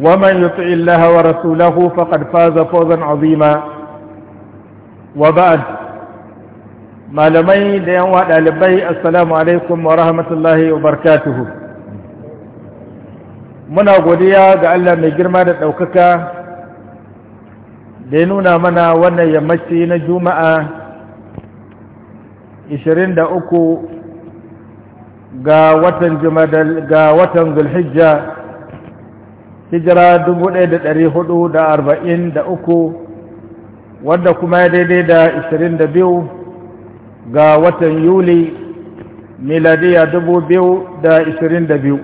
ومن يطع الله ورسوله فقد فاز فوزا عظيما وبعد malamai da yan waɗa ɗalibai assalamu alaikum wa rahmatullahi wa barkatuhu muna godiya ga Allah mai girma da ɗaukaka da ya nuna mana wannan yammaci na juma'a 23 ga watan ga watan zulhijja hijira 1443 wadda kuma ya daidai da 22 ga watan yuli miladiya 2022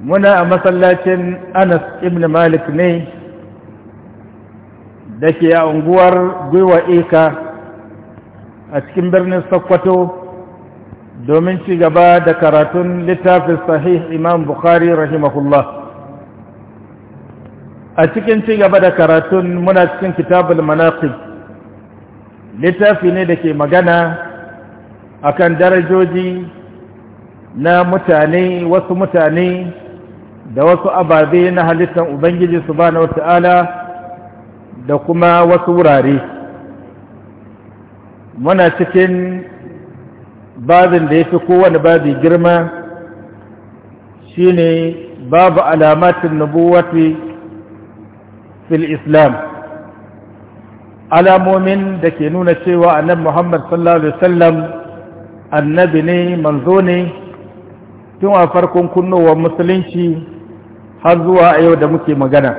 muna a masallacin anas ibn malik ne da ke a unguwar gwiwa ika a cikin birnin sokoto domin ci gaba da karatun littafin sahih imam bukhari rahimahullah a cikin ci gaba da karatun muna cikin kitabul manaqib littafi ne da ke magana akan darajoji na mutane wasu mutane da wasu ababe na halittar ubangiji subhanahu wata'ala da kuma wasu wurare muna cikin babin da ya fi kowane babi girma shine babu alamatin nubuwati fil islam alamomin da ke nuna cewa annabi muhammad sallallahu alaihi wasallam annabi ne manzo ne tun a farkon kunnowar musulunci har zuwa a yau da muke magana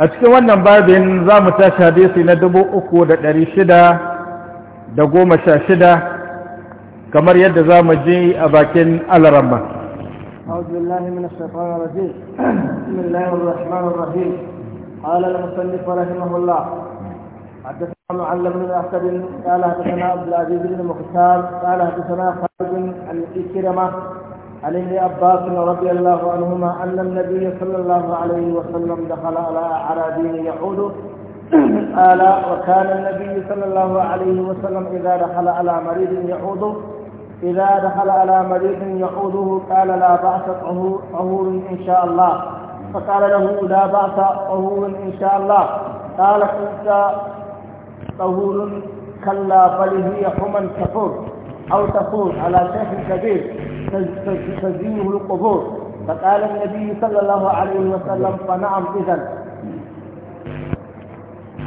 a cikin wannan babin za mu tashi hadisi na dubu uku da ɗari shida da goma sha shida kamar yadda za mu je a bakin alaramma أعوذ بالله من الشيطان الرجيم بسم الله الرحمن الرحيم قال المصنف رحمه الله حدثنا معل بن الأسد قال حدثنا عبد العزيز بن مختار قال حدثنا خالد عن إكرمة عن ابن عباس رضي الله عنهما أن النبي صلى الله عليه وسلم دخل على أعرابي يعود قال وكان النبي صلى الله عليه وسلم إذا دخل على مريض يعوده إذا دخل على مريض يعوده قال لا بأس طهور إن شاء الله فقال له لا بأس طهور إن شاء الله قال كنت طهور كلا بل هي حمى تفور أو تفور على شيخ كبير تزينه القبور فقال النبي صلى الله عليه وسلم فنعم إذا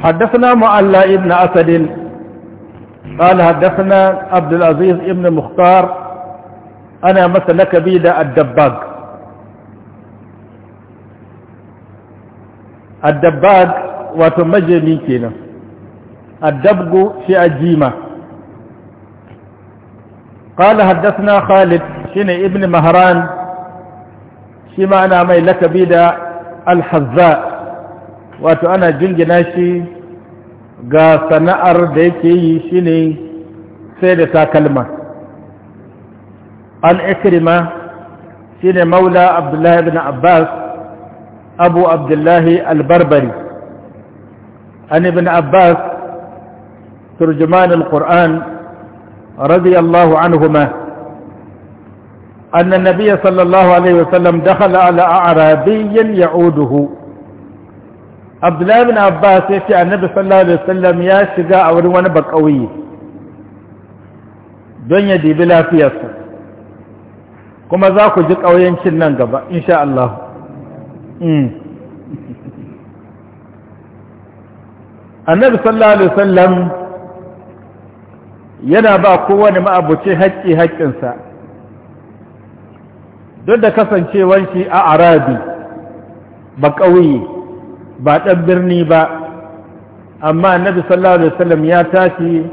حدثنا معلى ابن أسد قال حدثنا عبد العزيز ابن مختار أنا مثلك بيدا الدباج الدباج وتمجمي كنا الدبج في الجيمة قال حدثنا خالد شن ابن مهران شما أنا ميلك بيدا الحذاء وأنا جنجناشي ga sana'ar da yake yi shine sai da takalma al-ikrima shine maula abdullahi ibn abbas abu abdullahi al-barbari an ibn abbas turjuman al-qur'an radiyallahu anhuma أن النبي صلى الله عليه وسلم دخل على أعرابي يعوده abdullahi bin abbas ya ce annabi sallallahu alaihi wasallam ya shiga a wurin wani bakauye don ya dibi lafiyarsa kuma za ku ji ƙauyancin nan gaba insha Allah hmm. annabi sallallahu alaihi wasallam yana ba kowane ma'abuci haƙƙi haƙƙinsa duk da kasancewar shi a arabi ba ƙauye ba ɗan birni ba amma annabi sallallahu alaihi wasallam ya tashi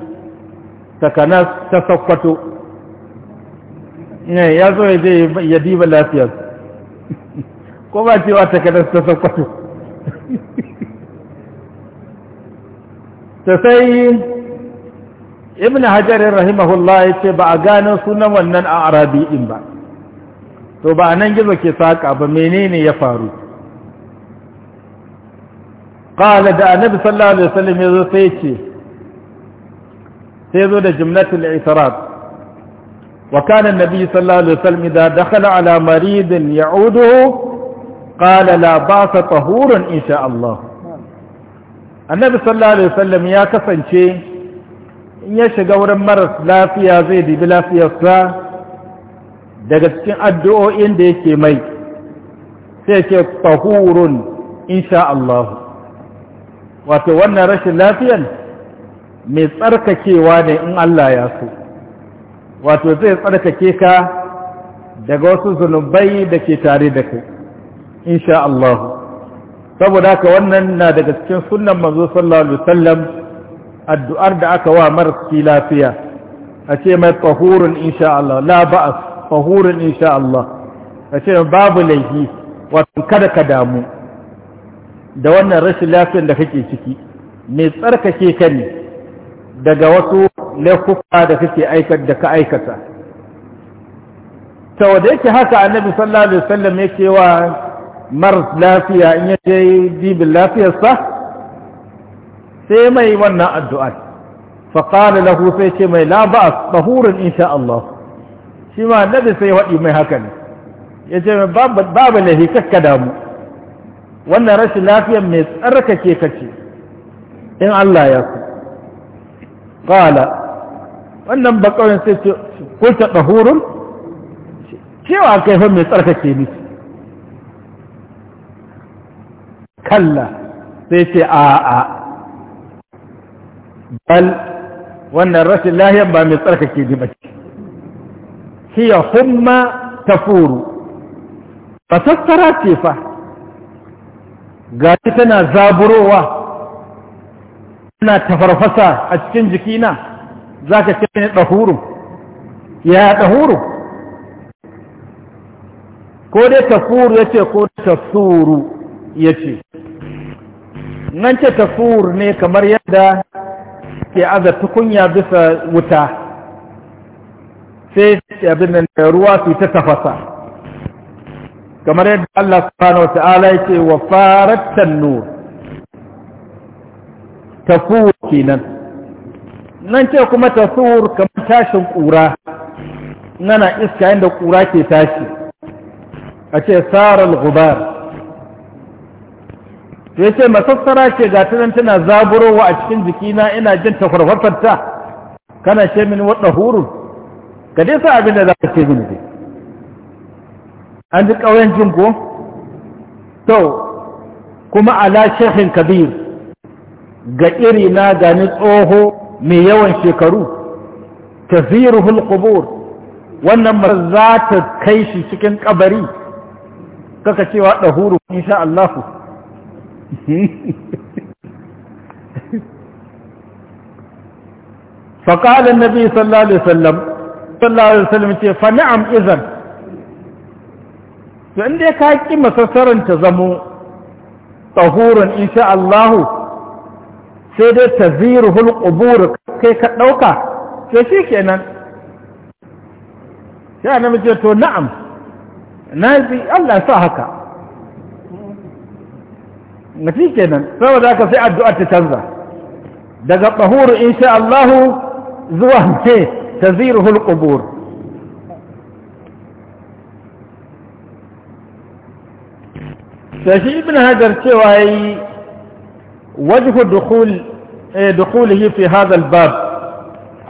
takana ta sakkwato ne eh, ya zo ya diba lafiyar ko ba cewa takana ta sakkwato ta sai ibn hajarin rahimahullah ya ce ba a gano sunan wannan a arabi ɗin ba to ba a nan gizo ke saƙa ba menene ya faru qala da annabi sallallahu alaihi wasallam yazo sai ce sai zo da jumlatul i'tirad wa kana annabi sallallahu alaihi wasallam idza dakhala ala maridin ya'uduhu qala la ba'sa tahurun insha Allah annabi sallallahu alaihi wasallam ya kasance in ya shiga wurin maras lafiya zai dibi lafiyarsa daga cikin addu'o'in da yake mai sai ce tahurun insha Allah wato wannan rashin lafiyan mai tsarkakewa ne in Allah ya so wato zai tsarkake ka daga wasu zunubai da ke tare da kai insha Allah saboda haka wannan na daga cikin sunnan manzo sallallahu alaihi wasallam addu'ar da aka wa marasi lafiya a ce mai tahurun insha Allah la ba'as tahurun insha Allah a ce babu laifi wato kada ka damu da wannan rashin lafiyar da kake ciki mai tsarkake ka ne daga wasu laifuka da kake aikata da ka aikata sau da yake haka annabi sallallahu alaihi wasallam yake cewa maras lafiya in yace dibin lafiyarsa sai mai wannan addu'a fa qala lahu sai ce mai la ba'as tahurun insha Allah shi ma annabi sai wadi mai haka ne yace babu babu lahi kakka damu wannan rashin lafiyar mai tsarkake kace in Allah ya ku kala wannan bakawin sai ce ko ta dahurun cewa kai fa mai tsarkake ni kalla sai ce a a bal wannan rashin lafiyar ba mai tsarkake ni ba ce hiya humma tafuru fatattara ce fa ga tana zaburowa tana tafarfasa a cikin jikina za ka ce ne ɗahuru ya ɗahuru ko dai tafuru ya ce ko tafuru ya ce nan ce tafuru ne kamar yadda ke aza tukunya bisa wuta sai abin da ruwa su ta tafasa kamar yadda Allah subhanahu wa ta'ala yake wa faratan nur tafur kenan nan ce kuma tafur kamar tashin kura nana iska inda kura ke tashi a ce saral gubar ya ce masassara ce ga tunan tana zaburowa a cikin jikina ina jin takwarfafarta kana ce min wadda hurun ka dai sa abin da za ka ce mini dai an ji ƙauyancin ko to kuma ala shehin kabir ga iri na gani tsoho mai yawan shekaru tafiruhul qubur wannan mar za ta kai shi cikin kabari kaka cewa dahuru insha Allah فقال النبي صلى الله عليه وسلم صلى الله ce fa na'am izan. don dai ka ƙi masassaran ta zamo tsahurin insha Allahu sai dai ta zirhul ƙubur kai ka ɗauka sai shi ke nan? sai a namiji to na'am na bi Allah sa haka na shi ke kenan saboda haka sai addu'a ta canza daga tsahurin insha Allahu zuwa ce ta zirhul ƙubur تشي ابن هجر تواي وجه دخول إيه، دخوله في هذا الباب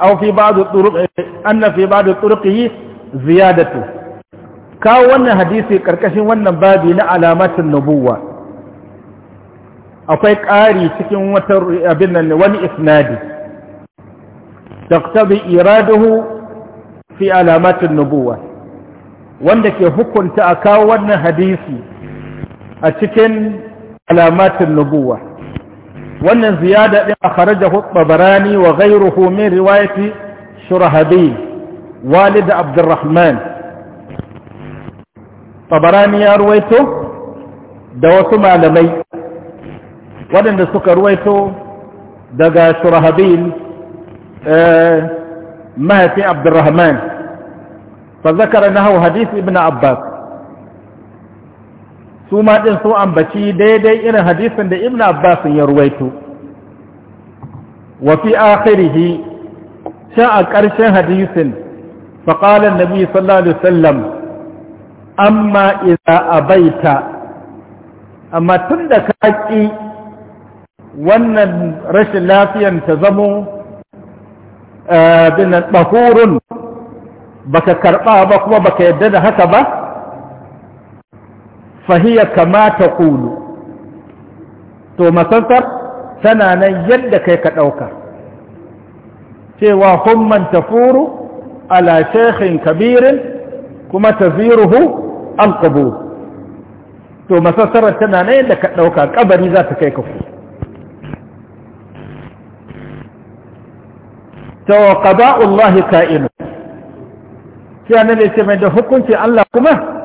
او في بعض الطرق ان في بعض طرقه زيادته كاو وانا حديثي كركشي وانا بابي لعلامات النبوة اقايك آري تكي موتر ابن الواني اثنادي تقتضي اراده في علامات النبوة وانا كي حكم تأكاو وانا حديثي a cikin alamatin nubuwa wannan ziyada din a kharajahu babarani wa ghayruhu min riwayati shurahabi walid abdurrahman Babarani ya ruwaito da wasu malamai waɗanda suka ruwaito daga shurahabil eh, mahaifi abdurrahman fa zakara hau hadith ibn abbas su ma ɗin sun ambaci daidai irin hadisin da ibn abbas ya ruwaito wa fi akhirihi sha a ƙarshen hadisin faƙalar nabi sallallahu alaihi wasallam amma idza abaita amma tunda ka ƙi wannan rashin lafiyan ta zamo eh, binan ɗahurun baka karɓa ba kuma baka yadda da haka ba fahiya kama ta kulu to masansar tana nan yadda kai ka ɗauka cewa humman tafuru ala shekhin kabirin kuma taziruhu alkabur to masassarar tana nan yadda ka ɗauka ƙabari za ta kai ka ku to qada'ullahi ka'inu sai annabi ce mai da hukunci Allah kuma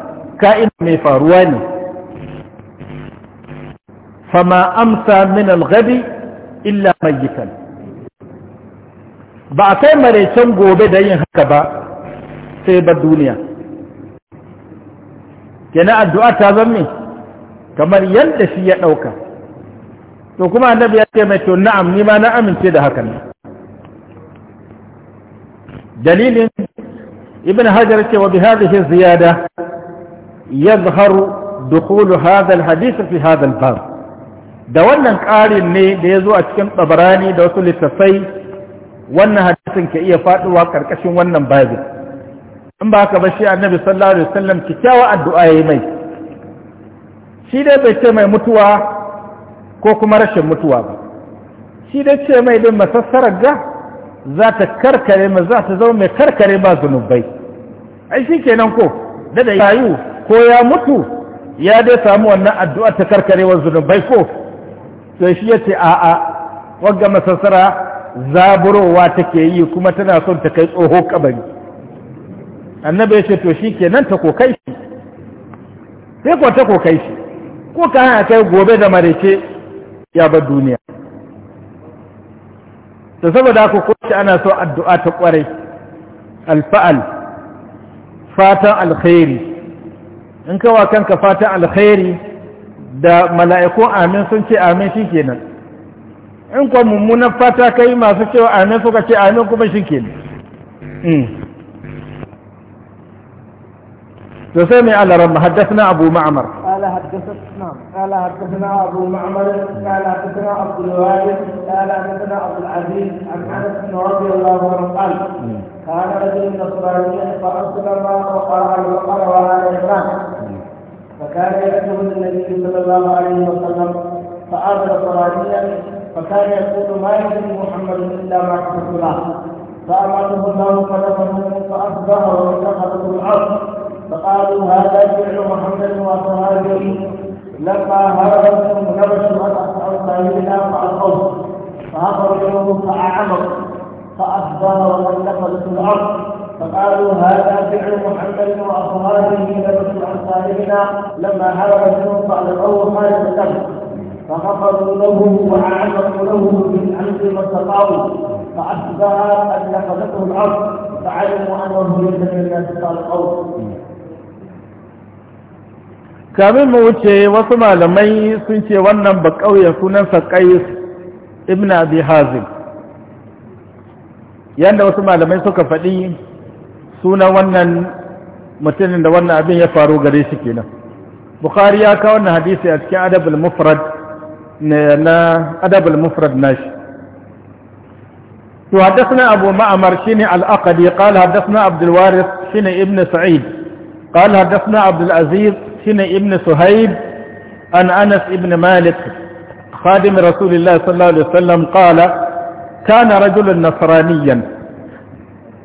Kaina mai faruwa ne فما أمسى من الغبي إلا ميتا بعثي مريشن قوبي دين هكبا سيب الدنيا كنا الدعاء تظمي كمان يندسي يأوك وكما النبي يتمت نعم لما نعم سيدة هكذا دليل ابن هجرة وبهذه الزيادة يظهر دخول هذا الحديث في هذا الباب da wannan ƙarin ne da ya zo a cikin tsabarani da wasu littattafai wannan hadisin ke iya faɗuwa ƙarƙashin wannan babi in ba ka ba shi annabi sallallahu alaihi wasallam kikkiawa addu'a yayi mai shi dai bai ce mai mutuwa ko kuma rashin mutuwa ba shi dai ce mai din masassarar ga za ta karkare ma za ta zama mai karkare ba zunubai ai shi kenan ko da da yayu ko ya mutu ya dai samu wannan addu'a ta karkarewar zunubai ko To shi ya ce a'a wagga masassara zaburowa take yi kuma tana son ta kai tsoho kabari annabi ya ce to shi ke nan ta kai shi sai ko ta kai shi ko ka hana kai gobe da marece ya bar duniya to saboda ku ko ana so addu'a ta kwarai alfa'al fatan alkhairi in kawa kanka fatan alkhairi da mala’iku amin sun ce amin shi kenan in kuwa mummunan fata ka yi masu cewa amin suka ce amin kuma shi kenan تسمع على رب حدثنا أبو معمر قال حدثنا قال حدثنا معمر قال حدثنا عبد الوارث قال حدثنا عبد العزيز عن رضي الله عنه قال كان رجل نصراني الله فكان يكتب النبي صلى الله عليه وسلم فآخر صلاتنا فكان يقول ما يكتب محمد إلا ما كتبت له فأمره الله فدفنه فأصبح وانتقلته الأرض فقالوا هذا فعل محمد وصحابه لما هربتهم نبشوا عن أصحاب سبيلنا فألقوه فأخرجوه فأعمر فأصبح وانتقلته الأرض فقالوا هذا فعل محمد واصحابه لبس عن صاحبنا لما هرب منهم الاول خالد له فغفروا له واعرضوا له بالحمد ما استطاعوا فاصبح قد نفذته الارض فعلموا انه ليس من الناس القوم kamin mu wuce wasu malamai sun ce wannan ba ƙauye sunansa qais ibn abi hazim yanda wasu malamai suka faɗi sunan wannan mutumin da wannan abin ya faru gare shi kenan bukhari ya kawo wannan hadisi a cikin adabul mufrad na adabul mufrad nashi وحدثنا أبو معمر شيني الأقدي قال حدثنا عبد الوارث شيني ابن سعيد قال حدثنا عبد العزيز شيني ابن سهيب عن أن أنس ابن مالك خادم رسول الله صلى الله عليه وسلم قال كان رجل نصرانيا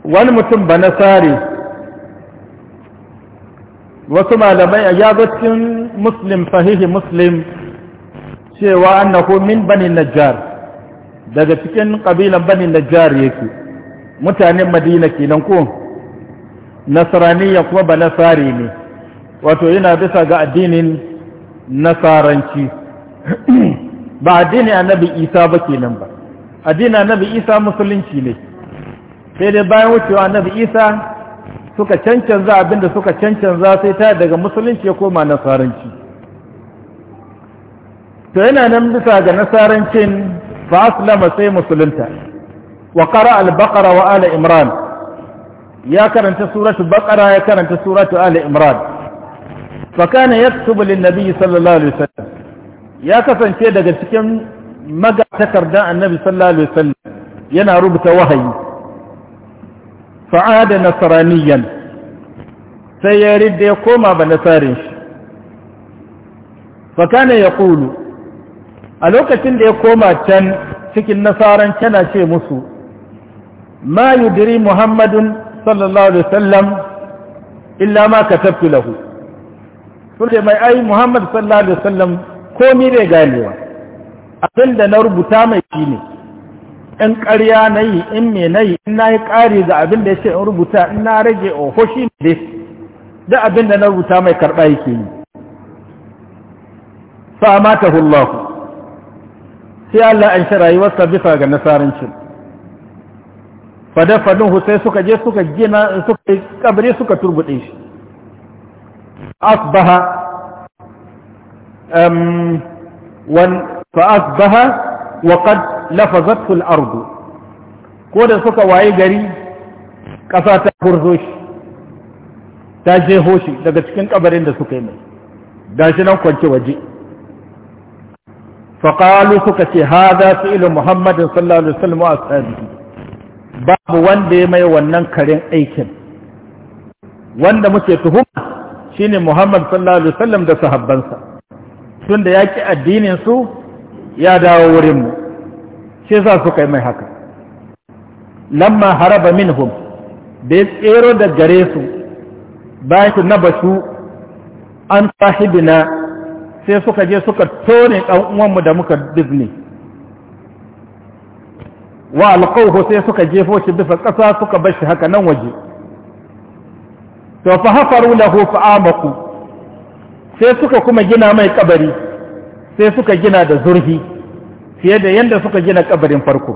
wani mutum ba na tsari wasu malamai ya zo muslim fahihi muslim cewa annahu min bani najjar daga cikin kabilan bani najjar yake mutanen madina kenan ko Nasaraniya kuma ba na tsari ne wato yana bisa ga addinin nasaranci ba addinin annabi isa ba kenan ba addinin annabi isa musulunci ne sai dai bayan wucewa annabi isa suka cancanza abinda suka cancanza sai ta daga musulunci ya koma nasaranci to yana nan bisa ga nasarancin fa aslama sai musulunta wa qara al-baqara wa ala imran ya karanta suratu baqara ya karanta suratu ala imran fa kana yaktubu lin-nabi sallallahu alaihi wasallam ya kasance daga cikin magatakardan annabi sallallahu alaihi wasallam yana rubuta wahayi fa'ada nasaraniyan sai ya ridda ya koma ba nasarin shi fa kana yaqulu a lokacin da ya koma can cikin nasaran tana ce musu ma yudri muhammadun sallallahu alaihi sallam, illa ma katabtu lahu sai mai ai Muhammadu sallallahu alaihi sallam komai da ganewa abinda na rubuta mai shine in ƙarya na yi in me na yi in na yi ƙari ga abin da ya ce in rubuta in na rage oho shi ne dai da abin da na rubuta mai karɓa yake yi fa mata hullahu sai Allah an shi rayuwarsa bisa ga nasarancin fadafadin sai suka je suka gina suka yi ƙabari suka turbuɗe shi asbaha wani wan fa asbaha wa qad al ardu ko da suka waye gari ƙasa ta burzo shi ta je hoshi daga cikin kabarin da suka yi mai gashi nan kwance waje faƙalu suka ce haza su ilu muhammadin sallallahu alaihi wasallam babu wanda ya mai wannan karen aikin wanda muke tuhuma shine muhammad sallallahu alaihi wasallam da sahabbansa tunda ya ki addinin su ya dawo wurin mu. sai za su yi mai haka lamma haraba min da ya tsero da gare su bayan su na basu an sahibina sai suka je suka tone ɗan’uwanmu da muka disney wa alƙauhu sai suka jefo shi bisa ƙasa suka bashi haka nan waje to fa hafaru lahu fa amaku sai suka kuma gina mai kabari sai suka gina da zurhi. fiye da yadda suka gina kabarin farko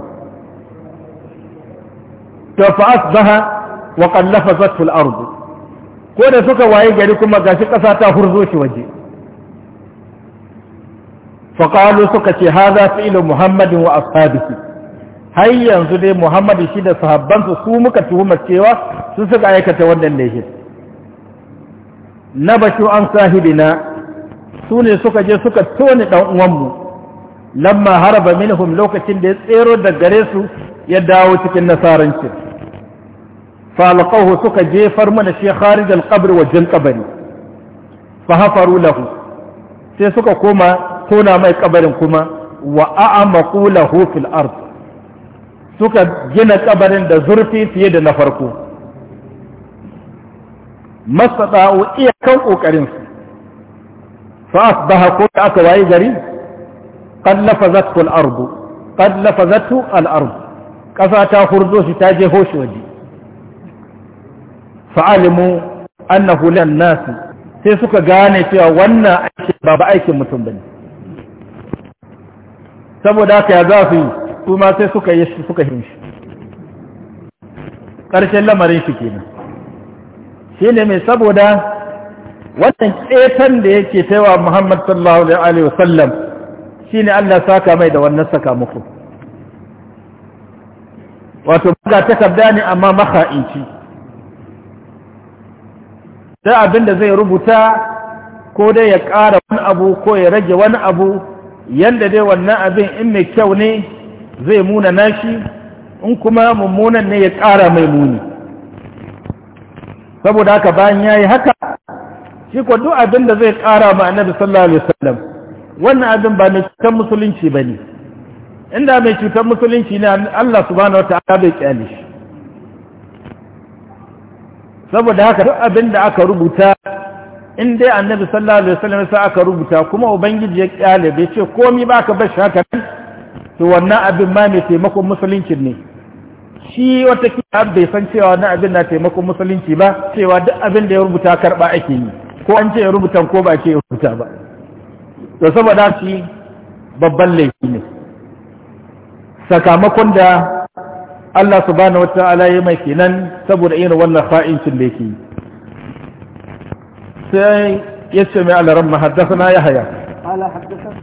to fa asbaha wa qad lafazatul ard ko da suka waye gari kuma gashi kasa ta hurzo shi waje fa qalu suka ce hadha fi'lu muhammadin wa ashabihi har yanzu dai muhammadu shi da sahabbansu su muka tuhumar cewa su suka aikata wannan laifin na bashu an sahibina su ne suka je suka tone dan uwanmu lamma haraba minhum lokacin da ya tsero da gare su ya dawo cikin nasaranci falqahu suka jefar mana shi kharij al-qabr wajen kabari fa hafaru lahu sai suka koma tona mai kabarin kuma wa a'maqu lahu fil ard suka gina kabarin da zurfi fiye da na farko mastata'u iyakan kokarin su fa asbaha ko aka wayi gari qad lafazatku al-ardu qad lafazatu al-ardu kasa ta hurzo shi ta je hoshi waje fa'alimu annahu lan nas sai suka gane cewa wannan aiki ba ba aikin mutum bane saboda haka ya za su yi kuma sai suka yi shi suka hinshi ƙarshen lamarin shi kenan shi ne mai saboda wannan ƙetan da yake taiwa muhammad sallallahu alaihi wasallam shi ne Allah saka mai da wannan muku wato ga takarda ne amma maha'inci da abin da zai rubuta ko dai ya ƙara wani abu ko ya rage wani abu yadda dai wannan abin in mai kyau ne zai muna nashi in kuma mummunan ne ya ƙara mai muni saboda haka bayan ya yi haka shi ko duk abin da zai ƙara ma'anar annabi sallallahu alaihi wasallam wannan abin ba mai cutar musulunci ba ne inda mai cutar musulunci ne Allah subhanahu wa ta'ala bai kyale shi saboda haka duk abin da aka rubuta in dai annabi sallallahu alaihi wasallam sai aka rubuta kuma ubangiji ya kyale bai ce komai ba ka bashi haka to wannan abin ma mai taimakon musulunci ne shi wata kiyar bai san cewa wannan abin na taimakon musulunci ba cewa duk abin da ya rubuta karba ake yi ko an ce ya rubuta ko ba ce ya rubuta ba da saboda shi babban laifi ne sakamakon da Allah subhanahu wata'ala ya mai kenan saboda irin wannan fa'incin da yake sai ya ce mai alaran mahaddasa ya haya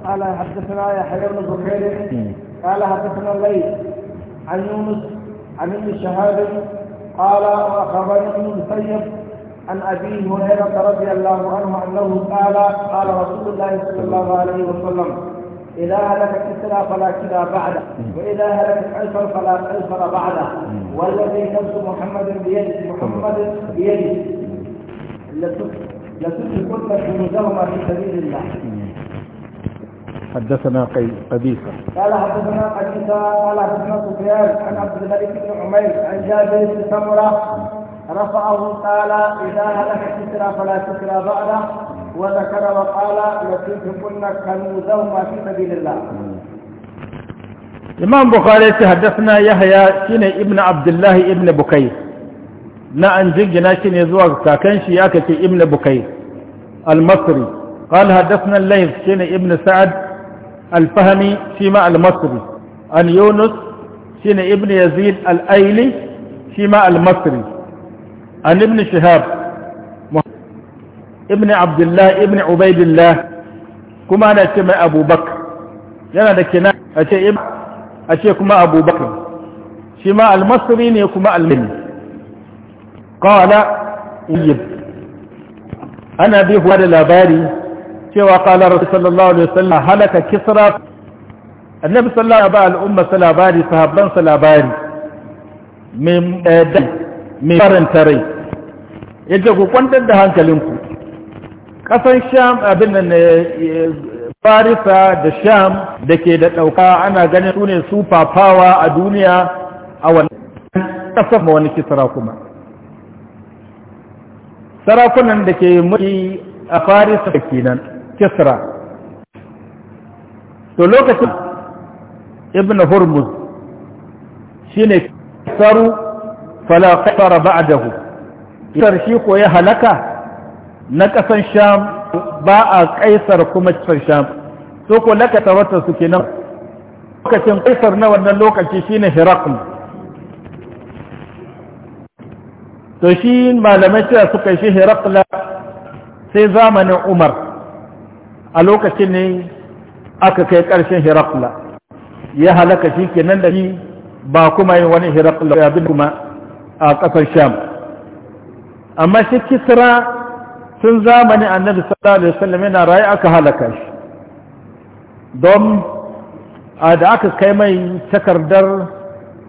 قال حدثنا يحيى بن بكير قال حدثنا الليل عن يونس عن ابن شهاب قال واخبرني ابن المسيب عن أبي هريرة رضي الله عنه أنه قال قال رسول الله صلى الله عليه وسلم إذا هلكت كسرى فلا كلا بعده وإذا هلكت أيسر فلا أيسر بعده والذي نفس محمد بيده محمد بيده لتسلكن جنودهما في سبيل الله حدثنا قبيصة قال حدثنا قبيصة قال حدثنا سفيان عن عبد الملك بن عمير عن جابر بن سمرة رفعه قال إذا هلك كسرى فلا كسرى بعده وذكر وقال كنوزا ما في سبيل الله الإمام بخاري تحدثنا يحيى شين ابن عبد الله ابن بكير لا أن جنجنا شين يزوى كاكن شياكة ابن بكير المصري قال حدثنا الليث شين ابن سعد الفهمي شيما المصري عن يونس شين ابن يزيد الأيلي شيما المصري عن ابن شهاب ابن عبد الله ابن عبيد الله كما أنا أسمى بكر yana da kina a ce a ce kuma abubakar shi ma almasri ne kuma almin qala yib ana bi huwa da labari cewa qala rasul sallallahu alaihi wasallam halaka kisra annabi sallallahu alaihi wa sallam ba al'umma labari sahabban labari min da mai faranta rai yadda ku kwantar da hankalinku ƙasan sham abin na eh, eh, farisa da sham da ke da ɗauka ana ganin su ne super power a duniya a wannan ƙasar ma wani Kisara kuma sarakunan da ke mulki a farisa da kenan kisra to lokacin ibn hormuz shine saru fala kafara ba'dahu sarshi ko ya halaka na kasan sham ba a kaisar kuma cikin sham so ko laka tawatta su kenan lokacin kaisar na wannan lokaci shine hirakul to shi malamai cewa suka shi hirakula sai zamanin umar a lokacin ne aka kai ƙarshen hirakula ya halaka shi kenan da shi ba kuma yin wani hirakula ya bin kuma a ƙasar sham amma shi kisra sun zamani annabi sallallahu alaihi wasallam yana rayu aka halaka shi don a da aka kai mai takardar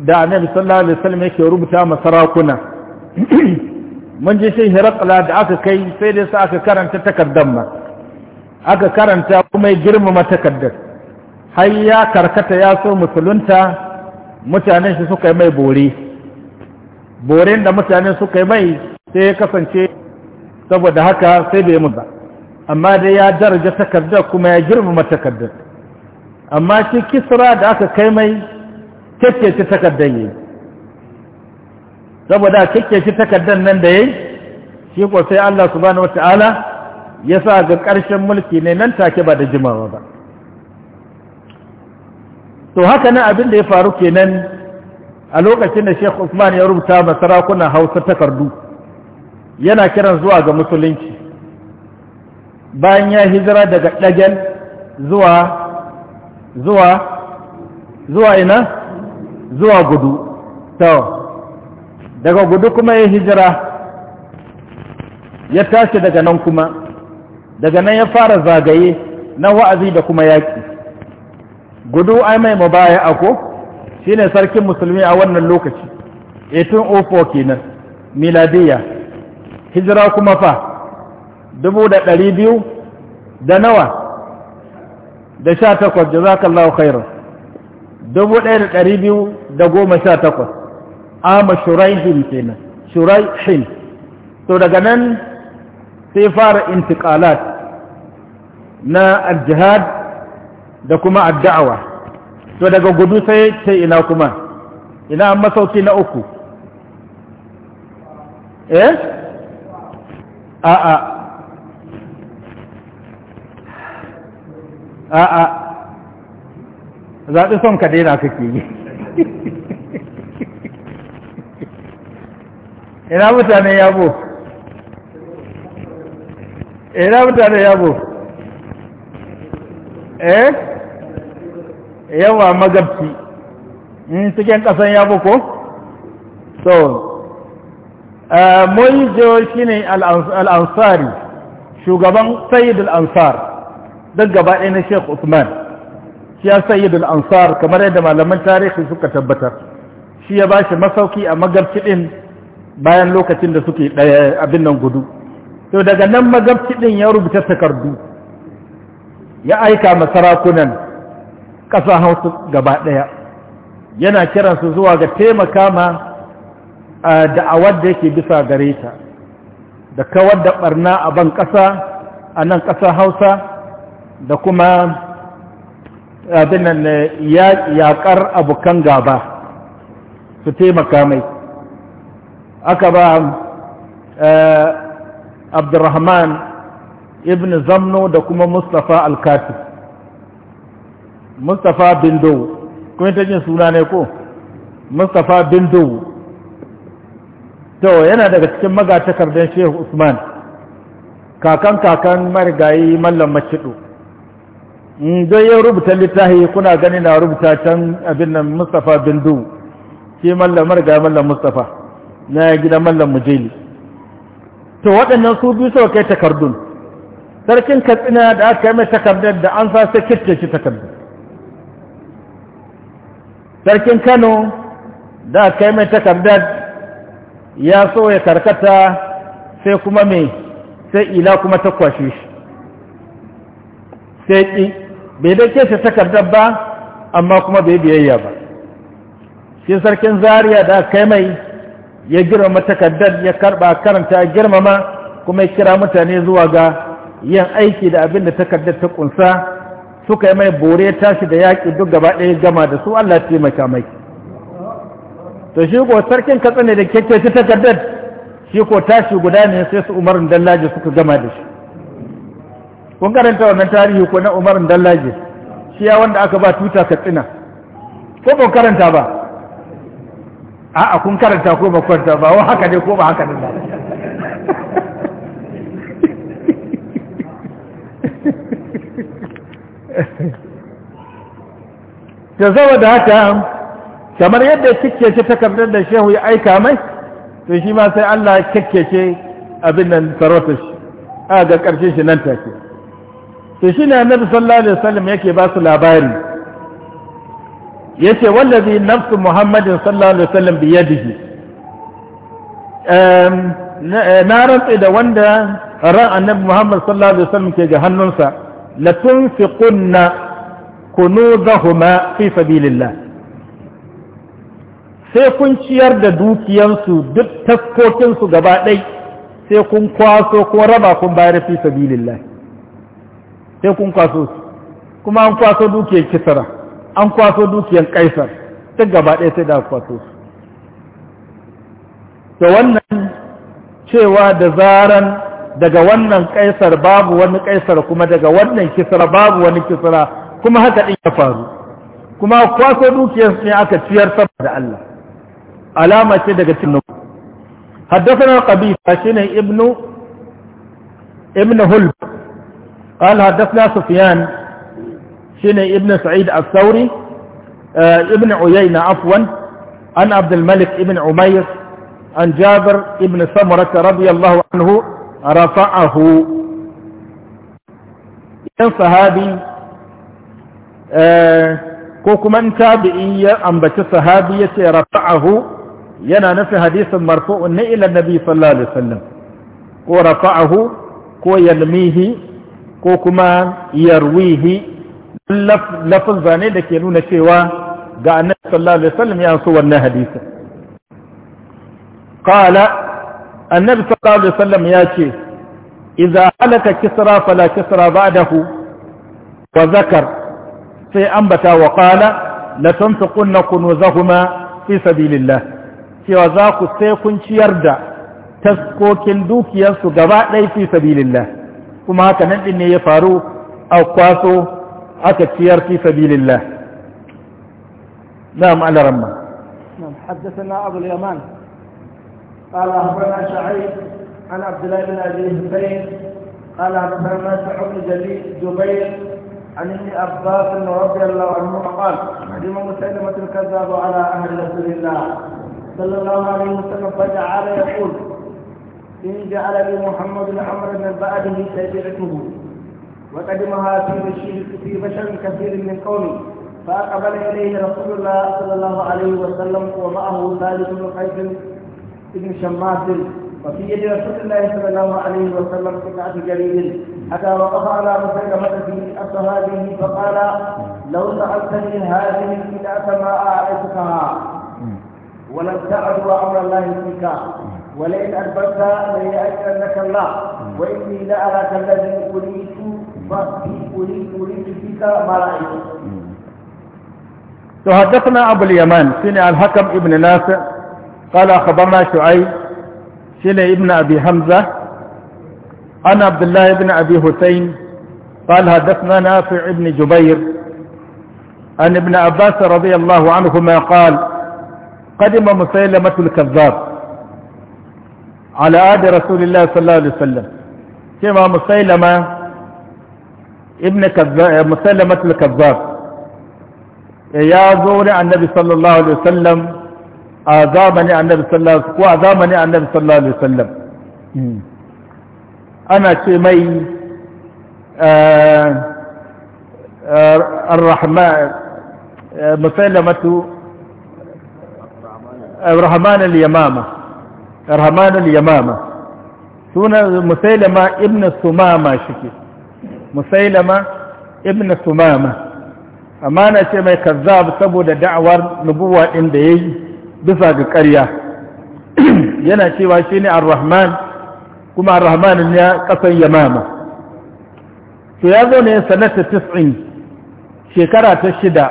da annabi sallallahu alaihi wasallam yake rubuta ma sarakuna mun ji shi hirakla da aka kai sai dai sa aka karanta takardar ma aka karanta kuma girmama takardar har ya karkata ya so musulunta mutanen shi suka yi mai bore borin da mutane suka yi mai sai ya kasance saboda haka sai bai ba amma dai ya daraja takardar kuma ya girmama takardar amma shi kisra da aka kai mai kekeci takardar yi saboda kekeci takardar nan da yi shi ko sai Allah subhanahu wata'ala ya sa ga ƙarshen mulki ne nan take ba da jimawa ba to haka nan abin da ya faru kenan a lokacin da Sheikh Usman ya rubuta ma sarakunan Hausa takardu yana kiran zuwa ga musulunci bayan ya hijira daga Dagen zuwa zuwa zuwa ina zuwa gudu to daga gudu kuma ya hijira ya tashi daga nan kuma daga nan ya fara zagaye na wa'azi da kuma yaƙi? gudu ai mai mabaya ako shine sarkin musulmi a wannan lokaci 1804 kenan miladiya hijira kuma fa dubu da ɗari biyu da nawa da sha takwas jazakallahu khairan dubu ɗaya da ɗari biyu da goma sha takwas ama shuraihin kenan shuraihin to daga nan sai fara intikalat na aljihad da kuma adda'awa to daga gudu sai ce ina kuma ina masauki na uku eh a'a a'a zaɓi son ka daina kake yi ina mutane yabo ina mutane yabo eh yawa magabci in cikin ƙasan yabo ko so moyijo shi ne al'ansari shugaban sayid Ansar duk gaba ɗaya na sheikh usman shi ya sayid al'ansar kamar yadda malaman tarihi suka tabbatar shi ya bashi masauki a magabci ɗin bayan lokacin da suke abin nan gudu to daga nan magabci ɗin ya rubuta takardu ya aika masarakunan ƙasa hausa gaba ɗaya yana kiransu zuwa ga taimaka ma da'awar da yake bisa gare ta da kawar da ɓarna a ban ƙasa a nan ƙasa hausa da kuma abinan eh, yaƙar abokan gaba su taimaka mai aka ba eh, abdurrahman ibn zamno da kuma mustapha alkatib mustapha bin dow kuma ta jin suna ne ko mustapha bin dow to yana daga cikin magatakardar shehu usman kakan kakan marigayi mallam mashidu mm, don ya rubuta littafi kuna gani na rubuta can abin nan mustapha bin dow shi mallam marigayi mallan mustapha na gida mallam mujeli to waɗannan su biyu suka kai takardun sarkin katsina da aka yi mai takardar da an sa sai kirce shi takardun sarkin kano da kai mai takardar ya so ya karkata sai kuma mai sai ila kuma ta kwashe shi sai ki bai dai kesa takardar ba amma kuma bai biyayya ba shi sarkin zariya da kai mai ya girmama takardar ya karba karanta girmama kuma ya kira mutane zuwa ga yin aiki da abin da takardar ta kunsa suka yi mai bore tashi da yaƙi duk gaba ɗaya gama da su Allah taimaka mai to shi ko sarkin katsina da keke shi takardar shi ko tashi guda ne sai su umarin dallaji suka gama da shi kun karanta wannan tarihi ko na umarin dallaji shi ya wanda aka ba tuta katsina ko ba karanta ba a'a kun karanta ko ba karanta ba wa haka ne ko ba haka ne ba da haka kamar yadda kikkece takardar da shehu ya aika mai to shi ma sai Allah kikkece abin nan sarrafa shi a ga ƙarshe shi nan take to shi ne annabi sallallahu alaihi wasallam yake ba su labari yace wallazi nafsu muhammadin sallallahu alaihi wasallam bi yadihi na eh, rantsa da wanda ran annabi muhammad sallallahu alaihi wasallam ke ga hannunsa كنوزهما في fi الله sai kun ciyar da dukiyansu duk taskokinsu gaba ɗai sai kun kwaso ko raba kun bayar fi sabilillah sai kun kwaso su kuma an kwaso dukiyar kisara an kwaso dukiyar kaisar duk gaba ɗai sai da kwaso su da wannan cewa da zaran daga wannan kaisar babu wani kaisar kuma daga wannan kisra babu wani kisra kuma haka din ya faru kuma kwaso dukiyar ne aka ciyar saboda Allah alama ce daga tinu haddathana qabisa shine ibnu ibnu hul qala haddathana sufyan shine ibnu sa'id al-thawri eh, ibnu uyayna afwan an abd al-malik ibnu umayr عن جابر ابن سمرة رضي الله عنه rafa'ahu yan sahabi ko kuma tabi'i ya ambaci sahabi yace rafa'ahu yana nufi hadisin marfu'un ne ila nabi sallallahu alaihi wasallam ko rafa'ahu ko yalmihi ko kuma yarwihi lafin zane da ke nuna cewa ga annabi sallallahu alaihi wasallam ya so wannan hadisin qala annabi sallallahu alaihi wasallam ya ce idza halaka kisra fala kisra ba'dahu wa zakar sai ambata wa qala la tunfiqunna kunuzahuma fi sabilillah cewa za ku sai kun ciyar da taskokin dukiyarsu gaba ɗaya fi sabilillah kuma haka nan din ne ya faru a kwaso aka ciyar fi sabilillah na'am alaramma na'am haddathana abul yaman قال أخبرنا سعيد عن عبد الله بن أبي حسين قال أخبرنا سعود بن جبير عن ابن عباس رضي الله عنهما قال حديث مسلمة الكذاب على أهل رسول الله صلى الله عليه وسلم فجعل يقول إن جعل لي محمد عمر من بعده تبعته وقدمها في بشير في بشر كثير من قومي فأقبل إليه رسول الله صلى الله عليه وسلم ومعه ثالث بن قيس ابن شماس وفي يد رسول الله صلى الله عليه وسلم قطعة جليل حتى وقف على مسلمة في أصحابه فقال لو سألتني هذه البدعة ما أعرفتها ولم تعد أمر الله فيك ولئن أدبرت ليأجرنك الله وإني لأراك الذي أريد أريد أريد فيك ما رأيت. تحدثنا أبو اليمان سنع الحكم ابن ناصر قال أخبرنا شعيب شلي ابن أبي حمزة أنا عبد الله بن أبي حسين قال حدثنا نافع بن جبير أن ابن عباس رضي الله عنهما قال قدم مسيلمة الكذاب على عهد رسول الله صلى الله عليه وسلم كما مسيلمة ابن كذاب مسيلمة الكذاب يا زور النبي صلى الله عليه وسلم a zamanin annabi sallallahu ko a zamanin annabi sallallahu alaihi wasallam ana ce mai eh, ar-rahman ar-rahman al-yamama ar-rahman al-yamama musailama ibn sumama shike musailama ibn sumama amma ce mai kazzab saboda da'awar nubuwa din da yayi bisa ga ƙarya yana cewa shi ne arrahman rahman kuma ar-rahman ne ƙasan yamama to ya zo ne sanata tis'in shekara ta shida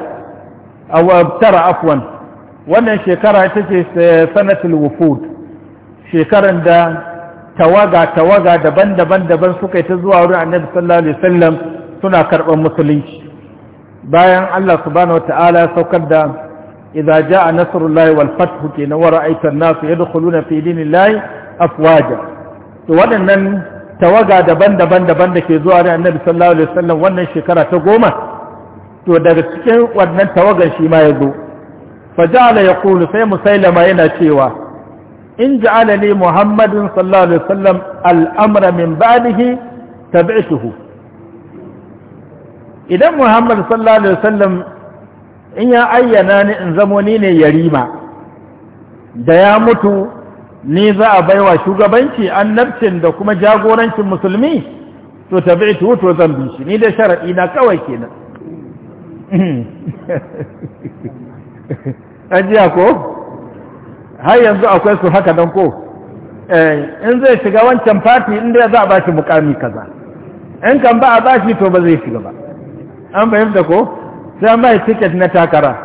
a tara afwan wannan shekara ta ce eh, sanatul wufud shekaran da tawaga tawaga daban-daban daban suka yi ta zuwa wurin annabi sallallahu alaihi wasallam suna karɓar musulunci bayan Allah subhanahu wataala saukar da idza jaa nasrullahi wal fath kina wa ra'aita an-nas yadkhuluna fi dinillahi afwaja to waɗannan tawaga daban-daban daban da ke zuwa da annabi sallallahu alaihi wasallam wannan shekara ta goma to daga cikin wannan tawagan shima ma ya zo faja'ala yaqulu sai musailama yana cewa in ja'ala li muhammadin sallallahu alaihi wasallam al-amra min ba'dihi idan muhammad in ya ayyana ni in zamo ni ne yarima da ya mutu ni za a baiwa shugabanci annabcin da kuma jagorancin musulmi to tabi'tu to zan bi shi ni da sharadi na kawai kenan ajiya ko har yanzu akwai su haka don ko eh, in zai shiga wancan fati inda za a ba shi mukami kaza in kan ba a ba shi to ba zai shiga ba an fahimta ko sai bai ticket na takara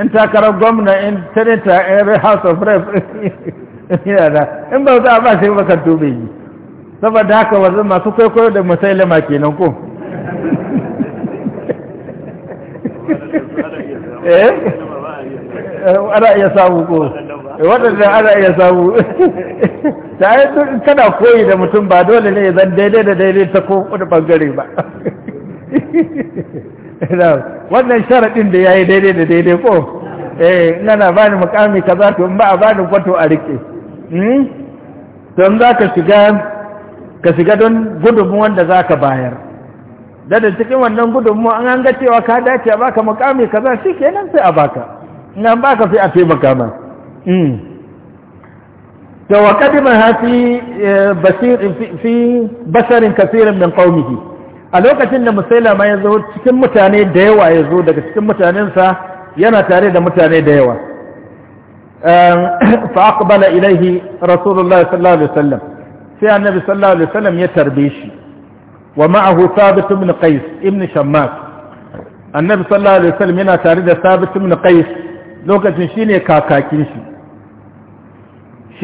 in takara gwamna in senator in house of rep in ba za a ba sai bakar tube yi saboda haka wanzu masu kwaikwayo da musailama kenan ko eh? eh ana iya samu ko eh, waɗanda ana iya samu ta yi tana koyi da mutum ba dole ne zan daidai da daidai ta ko wani ɓangare ba wannan sharaɗin da ya yi daidai da daidai ko eh nana ba ni mukami ka za in ba a ba ni kwato a rike don hmm? za ka shiga ka shiga don gudunmu wanda za ka bayar Dada cikin wannan gudunmu an hanga cewa ka dace a baka mukami kaza shi kenan sai a baka in ba baka fi a taimaka ma hmm. to wa kadima hafi eh, basirin fi basarin kafirin min qaumihi a lokacin da musailama ya zo cikin mutane da yawa ya zo daga cikin mutanensa yana tare da mutane da yawa fa aqbala ilaihi rasulullah sallallahu alaihi wasallam sai annabi sallallahu alaihi wasallam ya tarbe shi wa ma'ahu thabit ibn qais ibn shammas annabi sallallahu alaihi wasallam yana tare da thabit ibn qais lokacin shine kakakin shi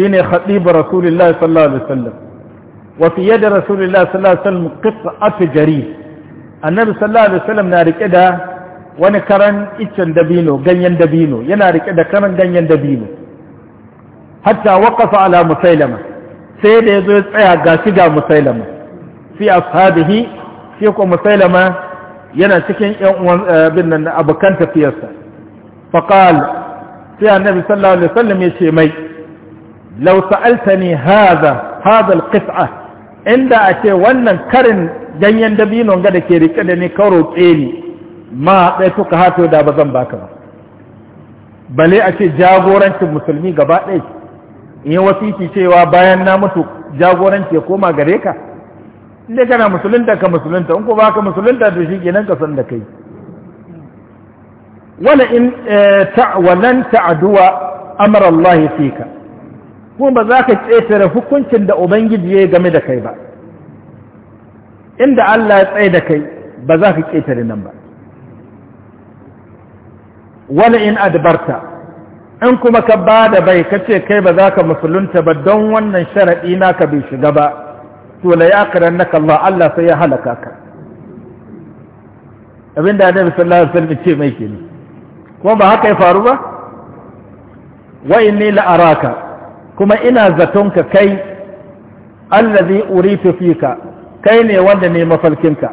shine khatib rasulullah sallallahu alaihi wasallam وفي يد رسول الله صلى الله عليه وسلم قطعة جريد النبي صلى الله عليه وسلم نارك إذا وانا كران إتشان دبينو غنيان دبينو ينارك إذا كران غنيان دبينو حتى وقف على مسيلمة سيد يزو يتعيها قاسقا مسيلمة في أصحابه فيكو مسيلمة ينا سكين يؤمن آه، بنا أبو كانت فيسا فقال فيها النبي صلى الله عليه وسلم يشي مي لو سألتني هذا هذا القطعة inda a ce wannan karin ganyen dabinon ga da ke rike da ni ka roƙe ni ma ɗaya suka hato da ba zan baka ba bale a ce jagorancin musulmi gaba ɗaya in yi wasiki cewa bayan na mutu jagoranci ya koma gare ka inda kana musulunta ka musulunta in ko ba ka musulunta to shi kenan ka san da kai wala in eh, ta'walan ta'aduwa amara Allah fika kuma ba za ka ƙetare hukuncin da ubangiji ya game da kai ba inda Allah ya tsaye da kai ba za ka ƙetare nan ba wani in adbarta in kuma ka ba da bai ka ce kai ba za ka musulunta ba don wannan sharaɗi naka bai shiga ba to la yaqiran naka Allah Allah sai ya halaka ka abinda annabi sallallahu alaihi wasallam ce mai kenan kuma ba haka ya faru ba wa inni la araka kuma ina zaton ka kai allazi uritu fika kai ne wanda ne ka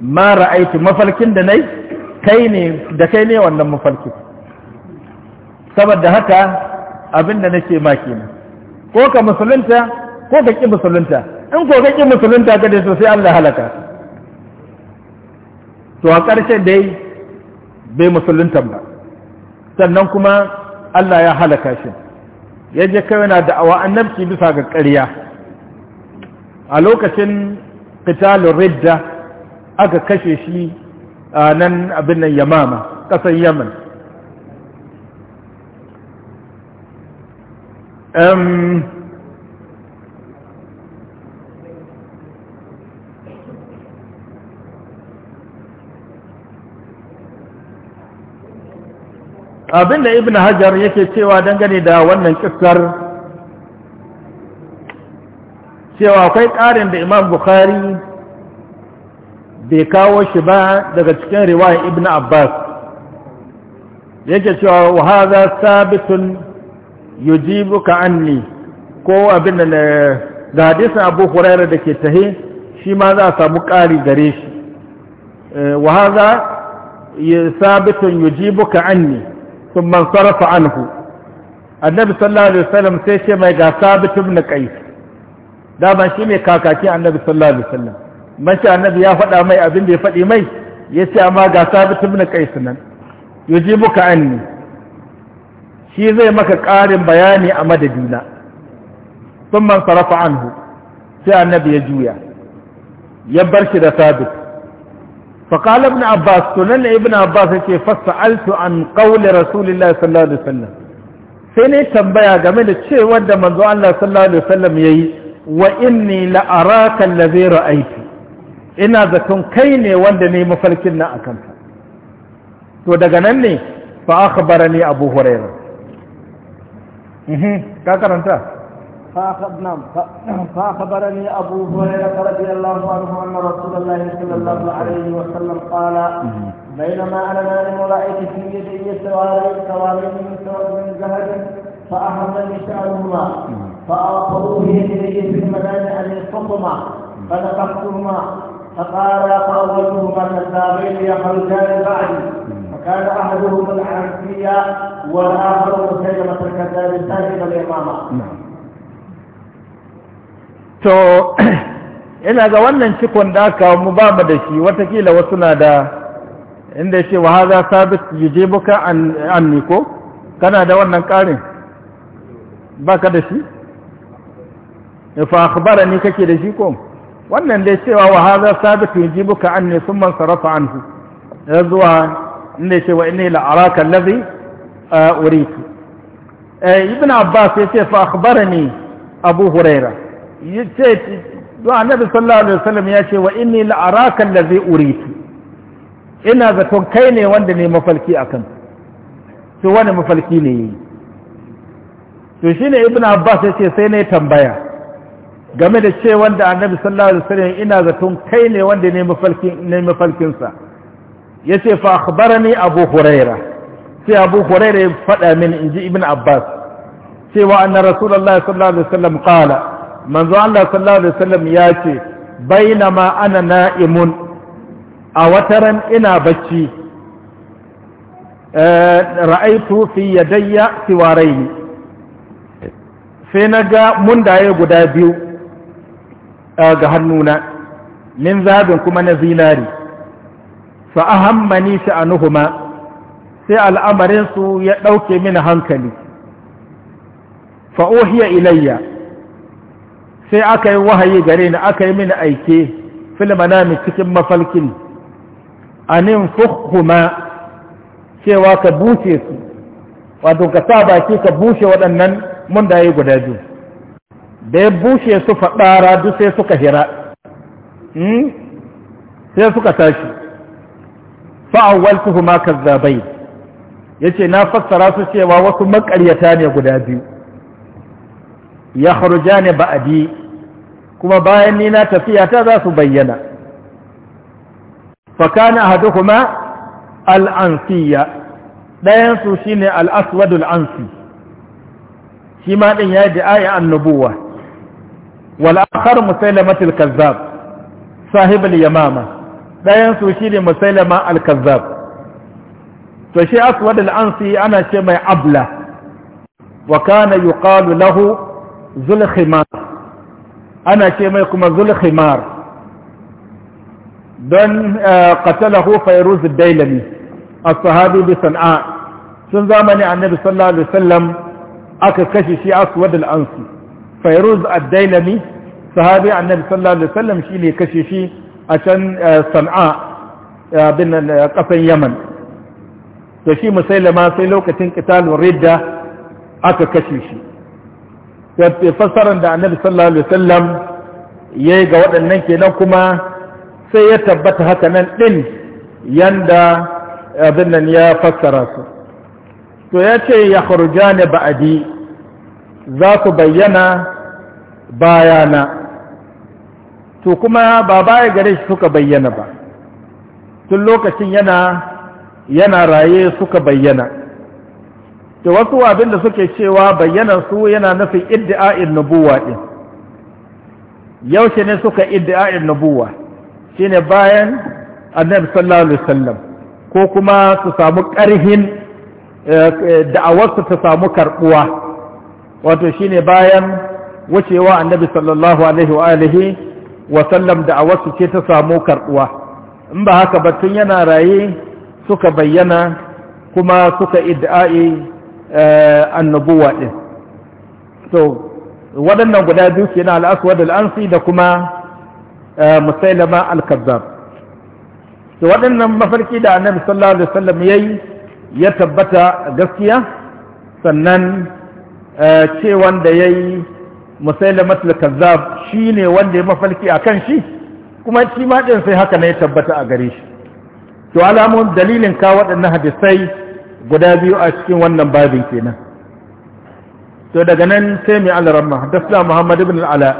ma ra'aitu mafalkin da nai kai ne da kai ne wannan mafalki saboda haka abinda nake ma kenan ko ka musulunta ko ka ki musulunta in ko ka ki musulunta ka da to sai Allah halaka to a ƙarshen dai bai musulunta ba sannan kuma Allah ya halaka shi ya je kawai na da'awa annabci bisa ga ƙarya a lokacin fitalin ridda aka kashe shi a nan abin nan yamama ƙasar yaman um, abinda ibn hajar yake cewa dangane da wannan kisar cewa akwai ƙarin da imam bukhari bai kawo shi ba daga cikin riwayar ibn abbas yake cewa wa haza sabitun ka anni ko abin da ga abu hurairar da ke tahi shi ma za a samu ƙari gare shi wa haza sabitun ka anni sun man sarrafa anhu annabi sallallahu alaihi wasallam sai ce mai ga sabit ibn qais ban shi ne kakaki annabi sallallahu alaihi wasallam mace annabi ya faɗa mai abin da ya faɗi mai yace amma ga sabit ibn qais nan yaji muka anni shi zai maka ƙarin bayani a madadina sun man sarrafa anhu sai annabi ya juya ya bar shi da sabit فقال ابن عباس تنن ابن عباس yake fas'altu an qawli rasulillahi sallallahu alaihi wasallam sai ne tambaya game da cewa da manzo Allah sallallahu alaihi wasallam yayi wa inni la araka allazi ra'aytu ina zaton kai ne wanda ne mafalkin na akan ka to daga nan ne fa akhbarani abu hurairah mhm ka karanta فأخبرني أبو هريرة رضي الله عنه أن رسول الله صلى الله عليه وسلم قال بينما أنا نائم رأيت في يدي سواري سواري من من ذهب فاخذني شعرهما فأعطوه يدي في المنام أن يصطهما فنفختهما فقال فاولتهما كذابين يخرجان بعدي فكان أحدهما العنسية والآخر مسيلمة الكذاب صاحب الإمامة نعم. to ina ga wannan cikon da aka mu ba mu da shi watakila wasu na da inda ya ce wa haza sabit yujibuka an ko kana da wannan karin baka da shi fa akhbara ni kake da shi ko wannan da cewa wa haza sabit yujibuka anni thumma sarafa anhu zuwa inda ya ce wa inni la araka allazi uriku eh, ibn abbas yace fa akhbarani abu hurairah yace don annabi sallallahu alaihi wasallam ya ce wa inni allazi uritu ina zaton kai ne wanda ne mafalki akan to wani mafalki ne yi to shine ibnu abbas yace sai ne tambaya game da ce wanda annabi sallallahu alaihi wasallam ina zaton kai ne wanda ne mafalkin ne mafalkin sa yace fa akhbarani abu huraira sai abu huraira ya fada min inji ibnu abbas cewa anna rasulullahi sallallahu alaihi wasallam qala manzo Allah sallallahu alaihi wasallam ya ce bainama ana na'imun a wataran ina bacci eh, ra'aitu fi yadayya siwaraini sai na ga mundaye guda biyu eh, ga hannuna min zabin kuma na zinari fa ahammani sha'anuhuma sai al'amarin su ya dauke mini hankali fa uhiya ilayya sai aka yi wahayi gare ni aka yi mini aike na mi cikin mafalkin anin fuhuma cewa ka bushe su wato ka sa baki ka bushe waɗannan mun da guda biyu da ya bushe su faɗara duk sai suka hira hmm? sai suka tashi ka ma kazzabai yace na fassara su cewa wasu makaryata ne guda biyu ya harujane ba'adi kuma bayan ni na tafiya ta za su bayyana fakana ahaduhuma al'ansiya ɗayansu shi ne al'aswadul ansi shi ma ɗin ya yi da'ayi annubuwa wal'akar musailamatul kazzab sahibul yamama ɗayansu shi ne musailama al-kazzab to shi aswadul ansi ana ce mai abla wa kana yuqalu lahu ذل خمار أنا كما يقوم ذل خمار دون آه، قتله فيروز الديلمي الصحابي بصنعاء شن زامني النبي صلى الله عليه وسلم أكاكشي شي أسود الأنصي فيروز الديلمي صحابي عن النبي صلى الله عليه وسلم شي لي كشي شي آه، صنعاء آه، بين قصن يمن وشي مسيلة ما سيلو كتن قتال وردة أكاكشي شي, wadda fassarar da annabi sallallahu alaihi wasallam ya ga waɗannan kenan kuma sai ya tabbata haka nan ɗin yanda abin nan ya fassara su to ya ce ya kurja ne ba'adi za su bayyana bayana to kuma ba baya gare shi suka bayyana ba tun lokacin yana yana raye suka bayyana da wasu abin da suke cewa bayyanar su yana nufin iddi'a'in nubuwa din yaushe ne suka iddi'a'in nubuwa shine bayan annabi sallallahu alaihi wasallam ko kuma su samu da'awar eh, da'awarsu ta samu karbuwa wato shine bayan wucewa annabi sallallahu alaihi wa alihi wa sallam da'awarsu ce ta samu karbuwa in ba haka ba tun yana raye suka bayyana kuma suka idda'i Eh, annabuwa ɗin, to waɗannan guda biyu ke na al'aswad al'ansi da kuma eh, musailama al-kazzab to waɗannan mafarki da annabi sallallahu alaihi wasallam yayi ya tabbata gaskiya sannan eh, ce wanda yayi musailama al-kazzab shi ne wanda ya mafarki akan shi kuma shi ma din sai haka na ya tabbata a gare shi to alamun dalilin ka waɗannan hadisai guda biyu a cikin wannan babin kenan to daga nan sai mai alarama dasla muhammad ibn al'ala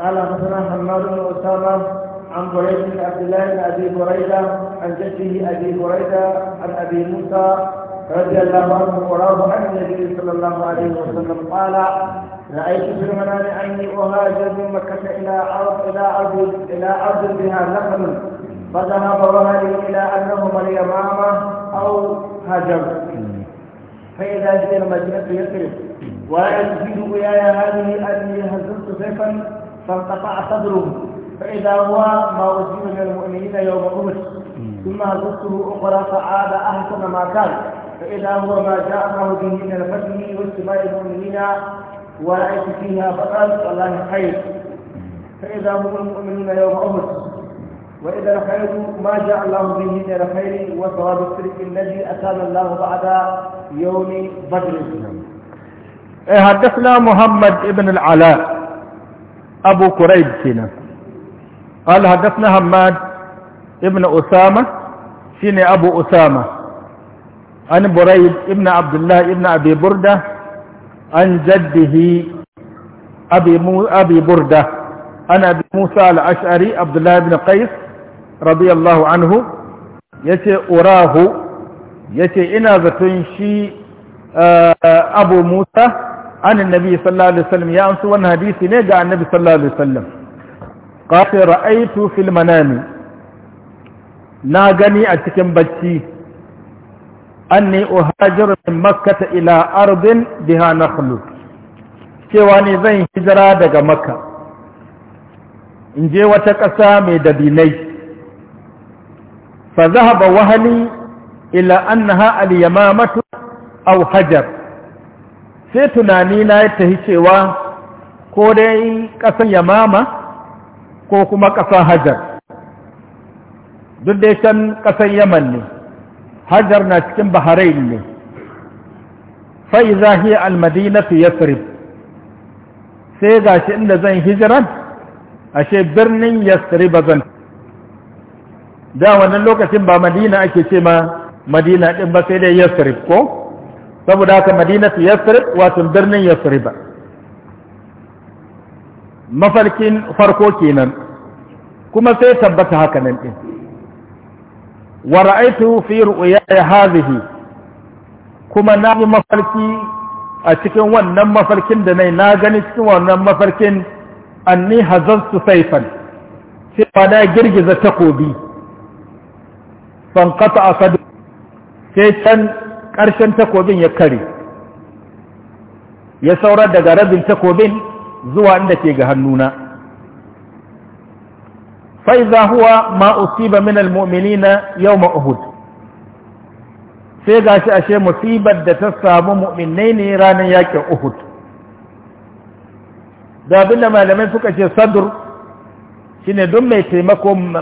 قال حدثنا حماد بن اسامه عن بريد بن عبد الله بن ابي بريده عن جده ابي بريده عن ابي موسى رضي الله عنه وراه عن النبي صلى الله عليه وسلم قال رايت في المنام اني اهاجر من مكه الى ارض الى ارض الى ارض بها نخل فذهب وهلي إلى أنهما اليمامة أو هجر فإذا جئ مدينه يثرب ويجد يا هذه أني هزرت سيفا فانقطع صدره فإذا هو ما أزيد من المؤمنين يوم أمس ثم هزرته أخرى فعاد أحسن ما كان فإذا هو ما جاء معه به من الفتن واجتماع المؤمنين ورأيت فيها فقال والله خير فإذا هم المؤمنون يوم أمس وإذا الخير ما جاء الله به من الخير وثواب الشرك الذي أتانا الله بعد يوم بدر إيه، حدثنا محمد ابن العلاء أبو كريب سينا قال حدثنا حماد ابن أسامة سينا أبو أسامة عن بريد ابن عبد الله ابن أبي بردة عن جده أبي, مو أبي بردة عن أبي موسى الأشعري عبد الله بن قيس radiyallahu anhu yace urahu ce ina zaton shi eh, abu musa anin nabi sallallahu alaihi wasallam ya amsu wannan hadisi ne ga annabi sallallahu alaihi wasallam qala ra'aytu fil manami na gani a cikin bacci anni uhajiru min makkah ila ardin biha nakhlu cewa ne zan hijira daga makka in je wata ƙasa mai dabinai فذهب وهلي إلى أنها اليمامة أو حجر سيتناني لا يتهيشيوا كوري قصة يمامة كوكما قصة حجر ددشن قصة يمن حجر ناشكم بحرين فإذا هي المدينة يثرب sai gashi inda zan hijiran ashe birnin yasriba zan da wannan lokacin ba madina ake ce ma madina ɗin ba sai dai yasrib ko saboda haka su yasrib wato birnin yasrib mafarkin farko kenan kuma sai tabbata haka nan ɗin wa ra'aytu fi ru'yaya hadhihi kuma na yi mafarki a cikin wannan mafarkin da nai na gani cikin wannan mafarkin anni hazantu saifan fa da girgiza takobi fankata a sadu sai can ƙarshen takobin ya kare ya saurar daga rabin takobin zuwa inda ke ga hannuna za huwa ma usiba min na yau uhud sai ga shi ashe musibar da ta samu mu'minai ne ranar yakin uhud da abinda malamai suka ce sadur shine don mai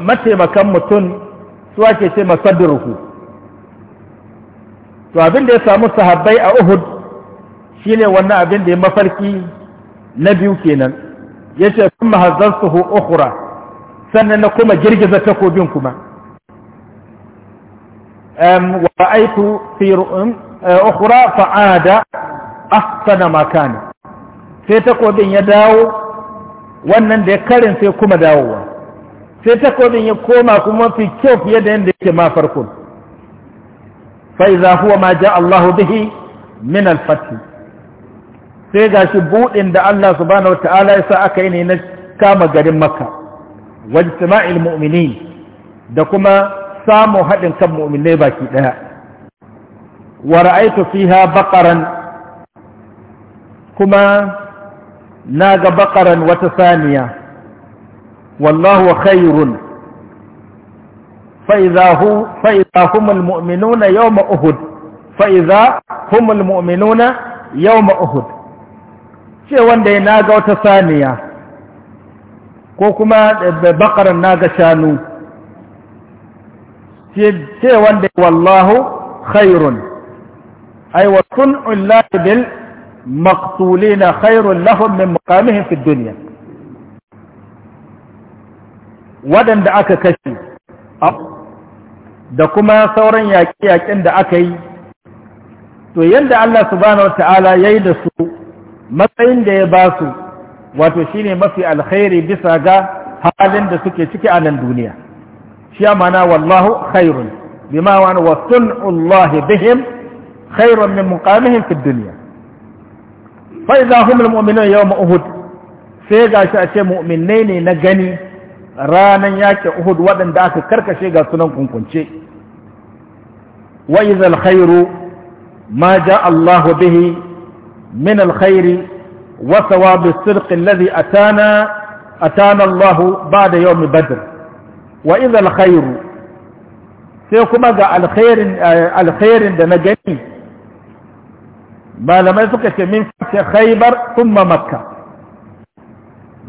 mataimakan mutum su ake ce masadruhu to abin da ya samu sahabbai a Uhud shi ne wannan abin da ya mafarki na biyu kenan ya ce yace kuma hazzarsuhu Ukura, sannan na kuma girgiza takobin kuma wa aiku fi eh, Ukura fa'ada ahsana ma sai takobin ya dawo wannan da ya karin sai kuma dawowa sai takobin ya koma kuma mafi kyau fiye da yadda yake ma farko fa iza huwa ma ja Allahu bihi min al sai gashi buɗin da Allah subhanahu Ta'ala ya sa aka yi ne na kama garin Makka wajen Sama'il mu'minin da kuma samun haɗin kan mu'minai baki ɗaya. wa ra'aytu fiha baqaran kuma ga baqaran wata saniya والله خير فإذا, هو فإذا هم المؤمنون يوم أهد فإذا هم المؤمنون يوم أهد ce wanda ya naga wata saniya ko kuma bakarar naga shanu ce wanda wallahu khairun ai wa sun'ullahi bil maqtulina khairun lahum min waɗanda aka kashe da kuma sauran yaƙe-yaƙen da aka yi to yadda Allah subhanahu Ta'ala ya yi da su matsayin da ya ba su wato shine mafi alkhairi bisa ga halin da suke ciki a nan duniya shi amana wallahu khairun bima wani wa sun'ullahi bihim khairun min muqamihim fi duniya fa idza hum al mu'minun yawm uhud sai gashi a ce mu'minai ne na gani ranan yakin Uhud waɗanda aka karkashe ga sunan kunkunce wa idhal khairu ma ja Allahu bihi min alkhairi khairi wa thawab as sidq alladhi atana atana Allahu ba'da yawm badr wa idhal alkhairu sai kuma ga alkhairin alkhairin da na gani malamai suka ce min fi khaybar thumma makkah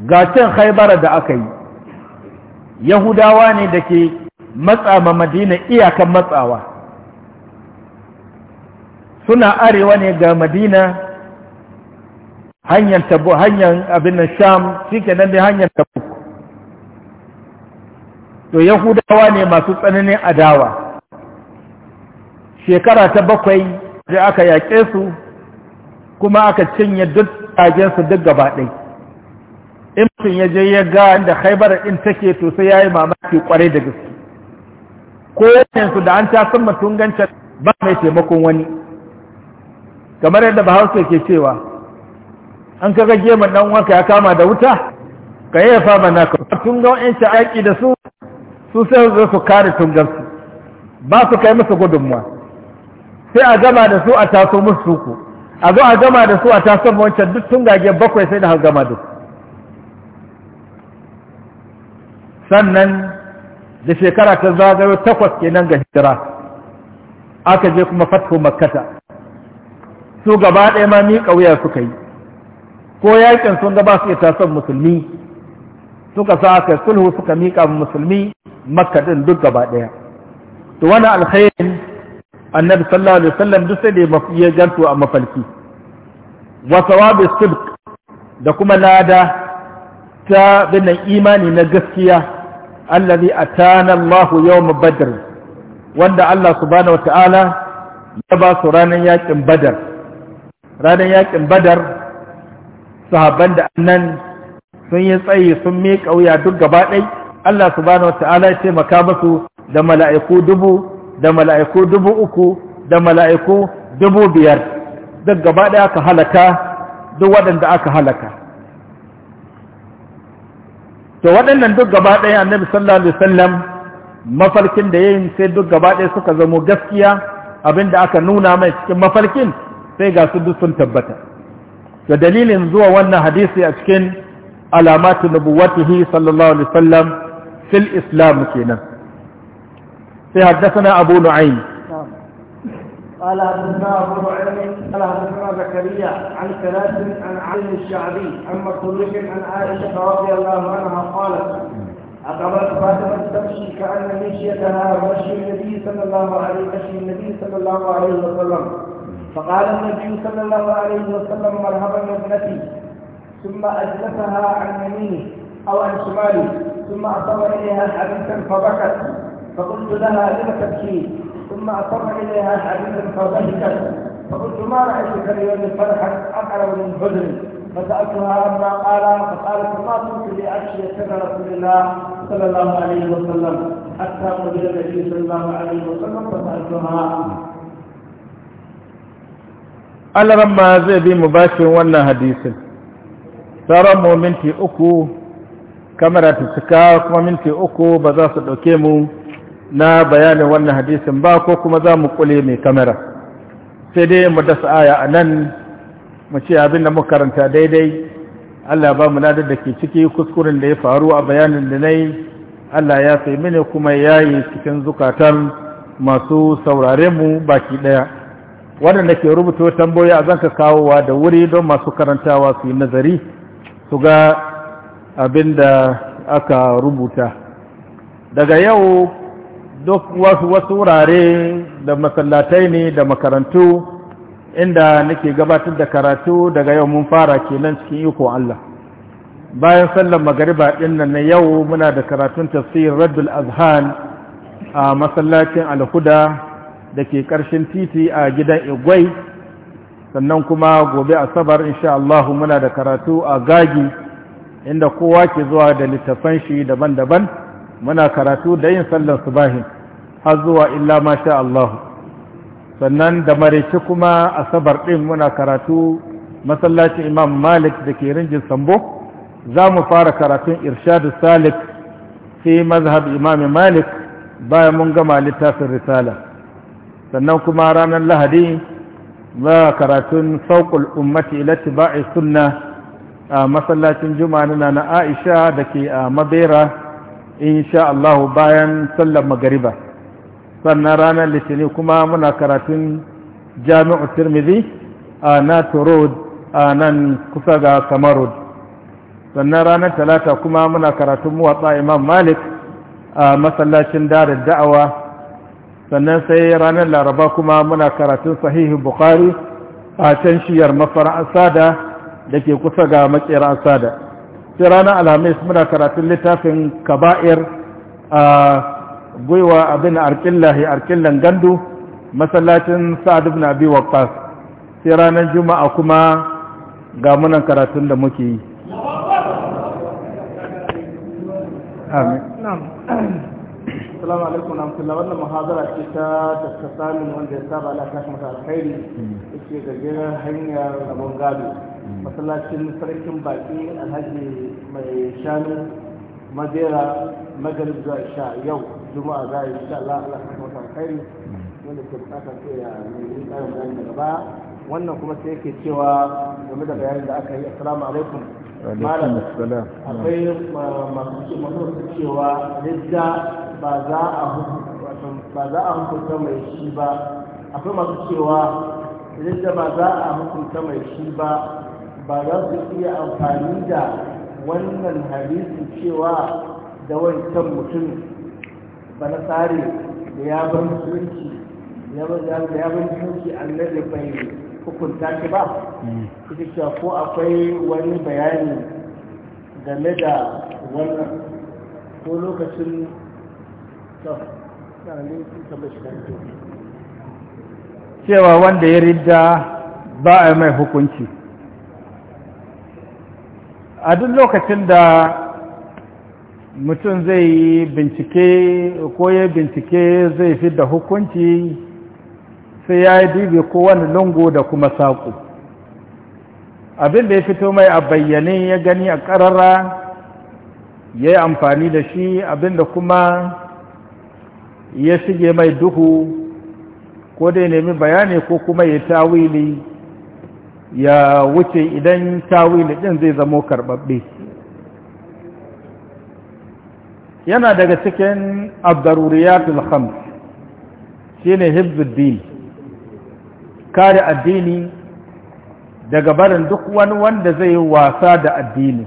ga cin khaybara da aka yi yahudawa ne da ke matsa ma madina iyakan matsawa suna arewa ne ga madina hanyar tabo hanyar abin nan sham shi ke nan dai hanyar tabo to yahudawa ne masu tsananin adawa shekara ta bakwai da aka yaƙe su kuma aka cinye duk ajiyarsu duk gaba ɗaya in mutum ya je ya ga inda haibar in take to sai ya yi mamaki kwarai da gaske ko yanzu da an ta san mutum ganta ba mai taimakon wani kamar yadda hausa ke cewa an kaga geman dan wanka ya kama da wuta ka yi fa bana ka tun ga wa'anci aiki da su su sai su su kare su. ba su kai musu gudunmuwa sai a gama da su a taso musu suku a zo a gama da su a taso wancan duk tun gage bakwai sai da har gama da su sannan da shekara ta zagayo takwas kenan ga hijira aka je kuma fatho makkata su gaba ɗaya ma mi ƙauya suka yi ko yaƙin sun gaba su ita son musulmi suka sa aka sulhu suka miƙa musulmi makka ɗin duk gaba ɗaya to wani alkhairin annabi sallallahu alaihi wasallam duk sai da ya ganto a mafalki wa sawabi sidq da kuma lada ta binan imani na gaskiya allazi atana Allahu yawm badr wanda Allah subhanahu wataala ya ba su ranar yakin badar ranar yakin badar sahabban da annan sun yi tsayi sun miƙa wuya duk gaba ɗai Allah subhanahu wataala ya taimaka musu da mala'iku dubu da mala'iku dubu uku da mala'iku dubu biyar duk gaba ɗaya aka halaka duk waɗanda aka halaka to waɗannan duk gaba ɗaya annabi sallallahu alaihi wasallam mafarkin da yayin sai duk gaba ɗaya suka zamo gaskiya abinda aka nuna mai cikin mafarkin sai ga su duk sun tabbata da dalilin zuwa wannan hadisi a cikin alamatu nubuwatihi sallallahu alaihi wasallam fil islam kenan sai haddathana abu nu'aym قال حدثنا ابو نعيم قال حدثنا زكريا عن ثلاث عن علي الشعبي عن مسروق عن عائشه رضي الله عنها قالت أقبلت فاطمة تمشي كأن مشيتها مشي النبي صلى الله عليه مشي النبي صلى الله عليه وسلم فقال النبي صلى الله عليه وسلم مرحبا ابنتي ثم أجلسها عن يمينه أو عن شماله ثم أصاب إليها حديثا فبكت فقلت لها لم تبكي ثم أصر إليها حديثا فضحكا فقلت ما رأيتك اليوم فرحا أقرب من حزن فسألتها عما قال فقالت ما كنت لأشي سر رسول الله صلى الله عليه وسلم حتى قبل النبي صلى الله عليه وسلم فسألتها ألا رمى zai مباشر وانا bashin ترى مؤمنتي أكو mu minti uku kamera ta cika kuma na bayanin wannan hadisin ba ko kuma za mu kule mai kamara. sai dai mu dasa aya a nan mu ce abin da muka karanta daidai Allah ba mu nadar da ke ciki kuskuren da ya faru a bayanin da na yi Allah ya sai mini kuma ya yi cikin zukatan masu saurare mu baki ɗaya Wannan da ke rubuta tamboyi a zanka kawowa da wuri don masu karantawa su yi nazari su ga abin da aka rubuta daga yau duk wasu wurare da masallatai ne da makarantu inda nake gabatar da karatu daga yau mun fara kenan cikin iko Allah bayan sallar magariba din nan na yau muna da karatun tafsir Raddul Azhan a masallacin al da ke karshen titi a gidan Igwai sannan kuma gobe asabar insha Allah muna da karatu a Gagi inda kowa ke zuwa da littafan shi daban-daban muna karatu da yin sallar subahin har zuwa illa masha Allah sannan da maraice kuma asabar ɗin muna karatu masallacin imam malik da ke rinjin sambo za mu fara karatun irshadu salik fi mazhab imam malik bayan mun gama littafin risala sannan kuma ranar lahadi za karatun sauƙul ummati ila tiba'i sunna a masallacin juma'a na na aisha da ke a mabera insha Allah bayan sallar magariba sannan ranar litinin kuma muna karatun jami'u tirmidhi a nato road a nan kusa ga Road. sannan ranar talata kuma muna karatun muwatsa imam malik a masallacin darin da'awa sannan sai ranar laraba kuma muna karatun sahihu bukari a can shiyar mafara'an da ke kusa ga makera asada. sai ranar alhamis muna karatun littafin kaba'ir a gwiwa abin arkillahi arkillan gandu masallacin sa'ad ibn abi waqqas sai ranar juma'a kuma ga munan karatun da muke yi amin assalamu alaikum na mutum wannan muhazara ce ta tattasalin wanda ya saba alaƙa ala kashin alkhairi hmm. yake gajeren hanyar rabon gado masallacin sarkin baki alhaji mai shanu madera magarib zuwa sha yau juma'a za a yi sha Allah Allah kuma kan kai wanda ke bukatar sai ya nemi tsarin bayani daga baya wannan kuma sai yake cewa game da bayanin da aka yi assalamu alaikum malam akwai masu masu cewa ridda ba za a ba za a hukunta mai shi ba akwai masu cewa ridda ba za a hukunta mai shi ba ba za su iya amfani da wannan hadisi cewa da wancan mutum ba na tsari da ya bar musulunci ya bar musulunci annabi bai hukunta shi ba hmm. ita cewa ko akwai wani bayani game da wannan ko lokacin cewa wanda ya ridda ba a mai hukunci a duk lokacin da mutum zai yi bincike ko ya bincike zai fi da hukunci sai ya yi dubi kowane lungu da kuma saƙo abin da ya fito mai a bayyane ya gani a ƙarara ya yi amfani da shi abin da kuma ya shige mai duhu ko dai ya nemi bayani ko kuma ya tawili ya wuce idan tawili ɗin zai zamo karɓaɓɓe yana daga cikin abdaruriyatul khams shine hibzuddin kare addini daga barin duk wani wanda zai wasa da addini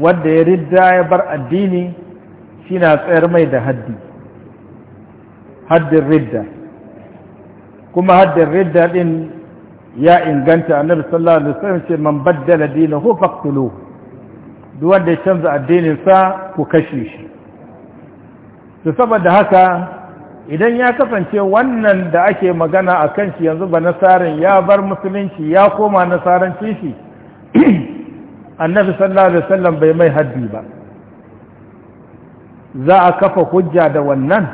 wanda ya ridda ya bar addini shi na tsayar mai da haddi haddin ridda kuma haddin ridda ɗin ya inganta annabi sallallahu alaihi wasallam ce man baddala dinahu faqtuluhu duk wanda ya canza addinin sa ku kashe shi to saboda haka idan ya kasance wannan da ake magana a kan shi yanzu ba nasarin ya bar musulunci ya koma nasaranci shi annabi sallallahu alaihi wasallam bai mai haddi ba za a kafa hujja da wannan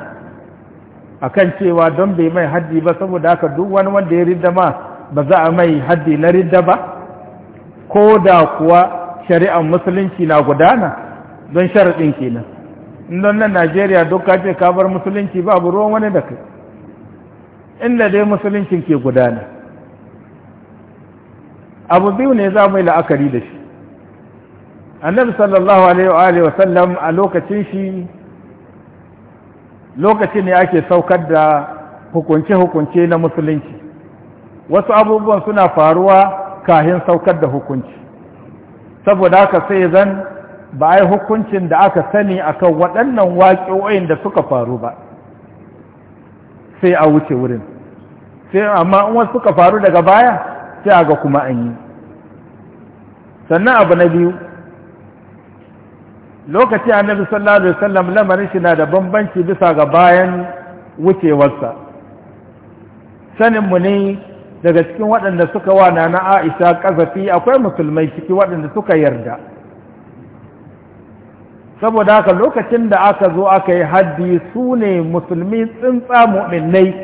akan cewa don bai mai haddi ba saboda haka duk wani wanda ya ridda ma ba za a mai haddi na ridda ba ko da kuwa shari'ar musulunci na gudana don sharaɗin kenan don nan najeriya duk ka ce ka bar musulunci babu ruwan wani da kai inda dai musuluncin ke gudana abu biyu ne za mu yi la'akari da shi annabi sallallahu alaihi wa sallam a lokacin shi lokacin ne ake saukar da hukunce-hukunce na musulunci wasu abubuwan suna faruwa kahin saukar da hukunci saboda haka sai zan ba a yi hukuncin da aka sani akan waɗannan waƙi'o'in da suka faru ba sai a wuce wurin sai amma in wasu suka faru daga baya sai a ga kuma an yi sannan abu na biyu lokaci a nabi sallallahu alaihi wasallam lamarin shi na da bambanci bisa ga bayan wucewarsa saninmu ne daga cikin waɗanda suka wa na Aisha ƙazafi akwai musulmai ciki waɗanda suka yarda saboda haka lokacin da aka zo aka yi haddi su ne musulmi tsintsa mu'minnai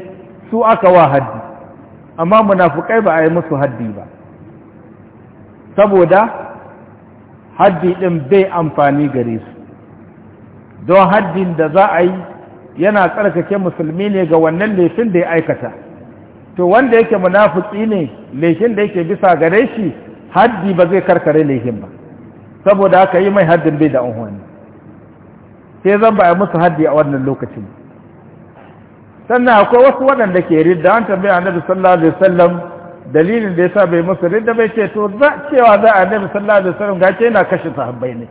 su aka wa haddi amma munafukai ba a yi musu haddi ba saboda haddi ɗin bai amfani gare su don haddin da za a yi yana tsarkake musulmi ne ga wannan laifin da ya aikata to wanda yake munafiki ne laifin da yake bisa gare shi haddi ba zai karkare laifin ba saboda aka yi mai haddin bai da unhuwani sai zan ba a musu haddi a wannan lokacin sannan akwai wasu waɗanda ke ridda an tambaya annabi sallallahu alaihi wasallam dalilin da yasa bai musu ridda bai ce to za cewa za a annabi sallallahu alaihi wasallam ga ce yana kashe sahabbai ne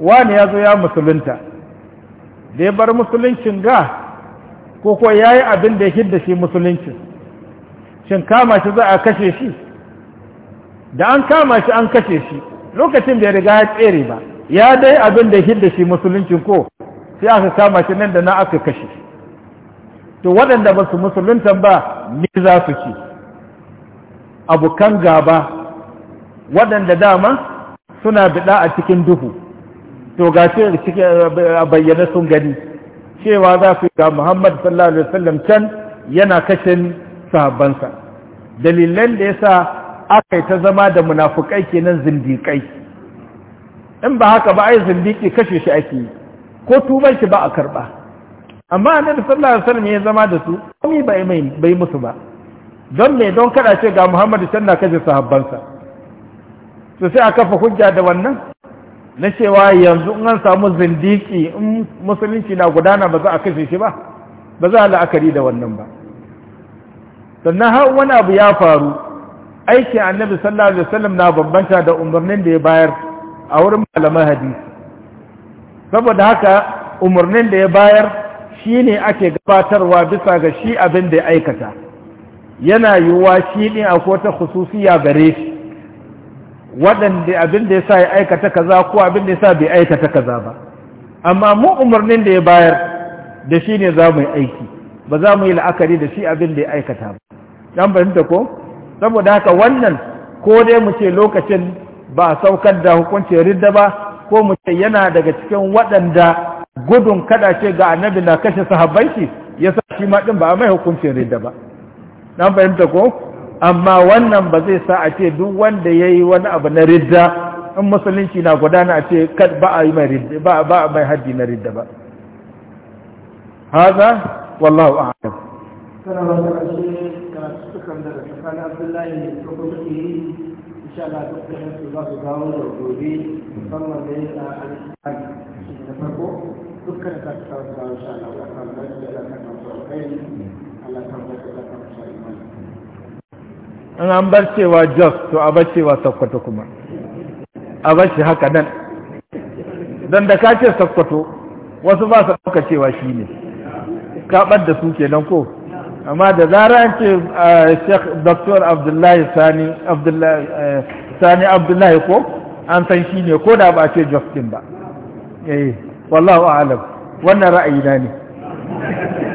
wani ya zo ya musulunta da bar musuluncin ga ko ko ya yi abin da ya hidda shi musulunci shin kama shi za a kashe shi da an kama shi an kashe shi lokacin da ya riga ya tsere ba ya dai abin da ya hidda shi musulunci ko sai aka kama shi nan da na aka kashe shi to waɗanda ba su musulunta ba ni za su ci abokan gaba waɗanda dama suna biɗa a cikin duhu to ga shi a bayyana sun gani cewa za su ga Muhammad sallallahu alaihi wasallam can yana kashin sahabbansa dalilan da yasa aka ta zama da munafukai kenan zindikai in ba haka ba ai zindiki kashe shi ake yi ko tuban shi ba a karba amma annabi sallallahu alaihi wasallam ya zama da su komai bai mai bai musu ba don me don kada ce ga Muhammad sallallahu alaihi wasallam kashe sahabbansa to sai a kafa hujja da wannan na cewa yanzu in an samu zindiki in musulunci na gudana ba za a kashe shi ba ba za a la'akari da wannan ba sannan har wani abu ya faru aikin annabi sallallahu alaihi wasallam na bambanta da umarnin da ya bayar a wurin malaman hadisi saboda haka umarnin da ya bayar shine ake gabatarwa bisa ga shi abin da ya aikata yana yiwuwa shi ne a kota khususiya gare shi waɗanda abin da ya sa ya aikata kaza ko abin da ya sa bai aikata kaza ba amma mu umarnin da ya bayar da shi ne za mu yi aiki ba za mu yi la'akari da shi abin da ya aikata ba dan fahimta ko saboda haka wannan ko dai mu ce lokacin ba a saukar da hukuncin ridda ba ko mu ce yana daga cikin waɗanda gudun kada ce ga annabi na kashe sahabbai shi sa shi ma din ba a mai hukuncin ridda ba dan fahimta ko amma wannan ba zai sa a ce duk wanda ya yi wani abu na ridda in musulunci na gudana a ce ba a yi mai ridda ba a mai haddi na ridda ba haza wallahu a'lam ta da da da su su da da da da su da da da in an bar cewa jos to a bar cewa sakkwato kuma a bar shi haka nan don da ka ce sakkwato wasu ba su ɗauka cewa shi ne kaɓar da su kenan ko amma da zara an ce sheikh dr abdullahi eh, sani abdullahi ko an san shi ne ko da ba ce jos ɗin ba eh wallahu alam wannan ra'ayi na ne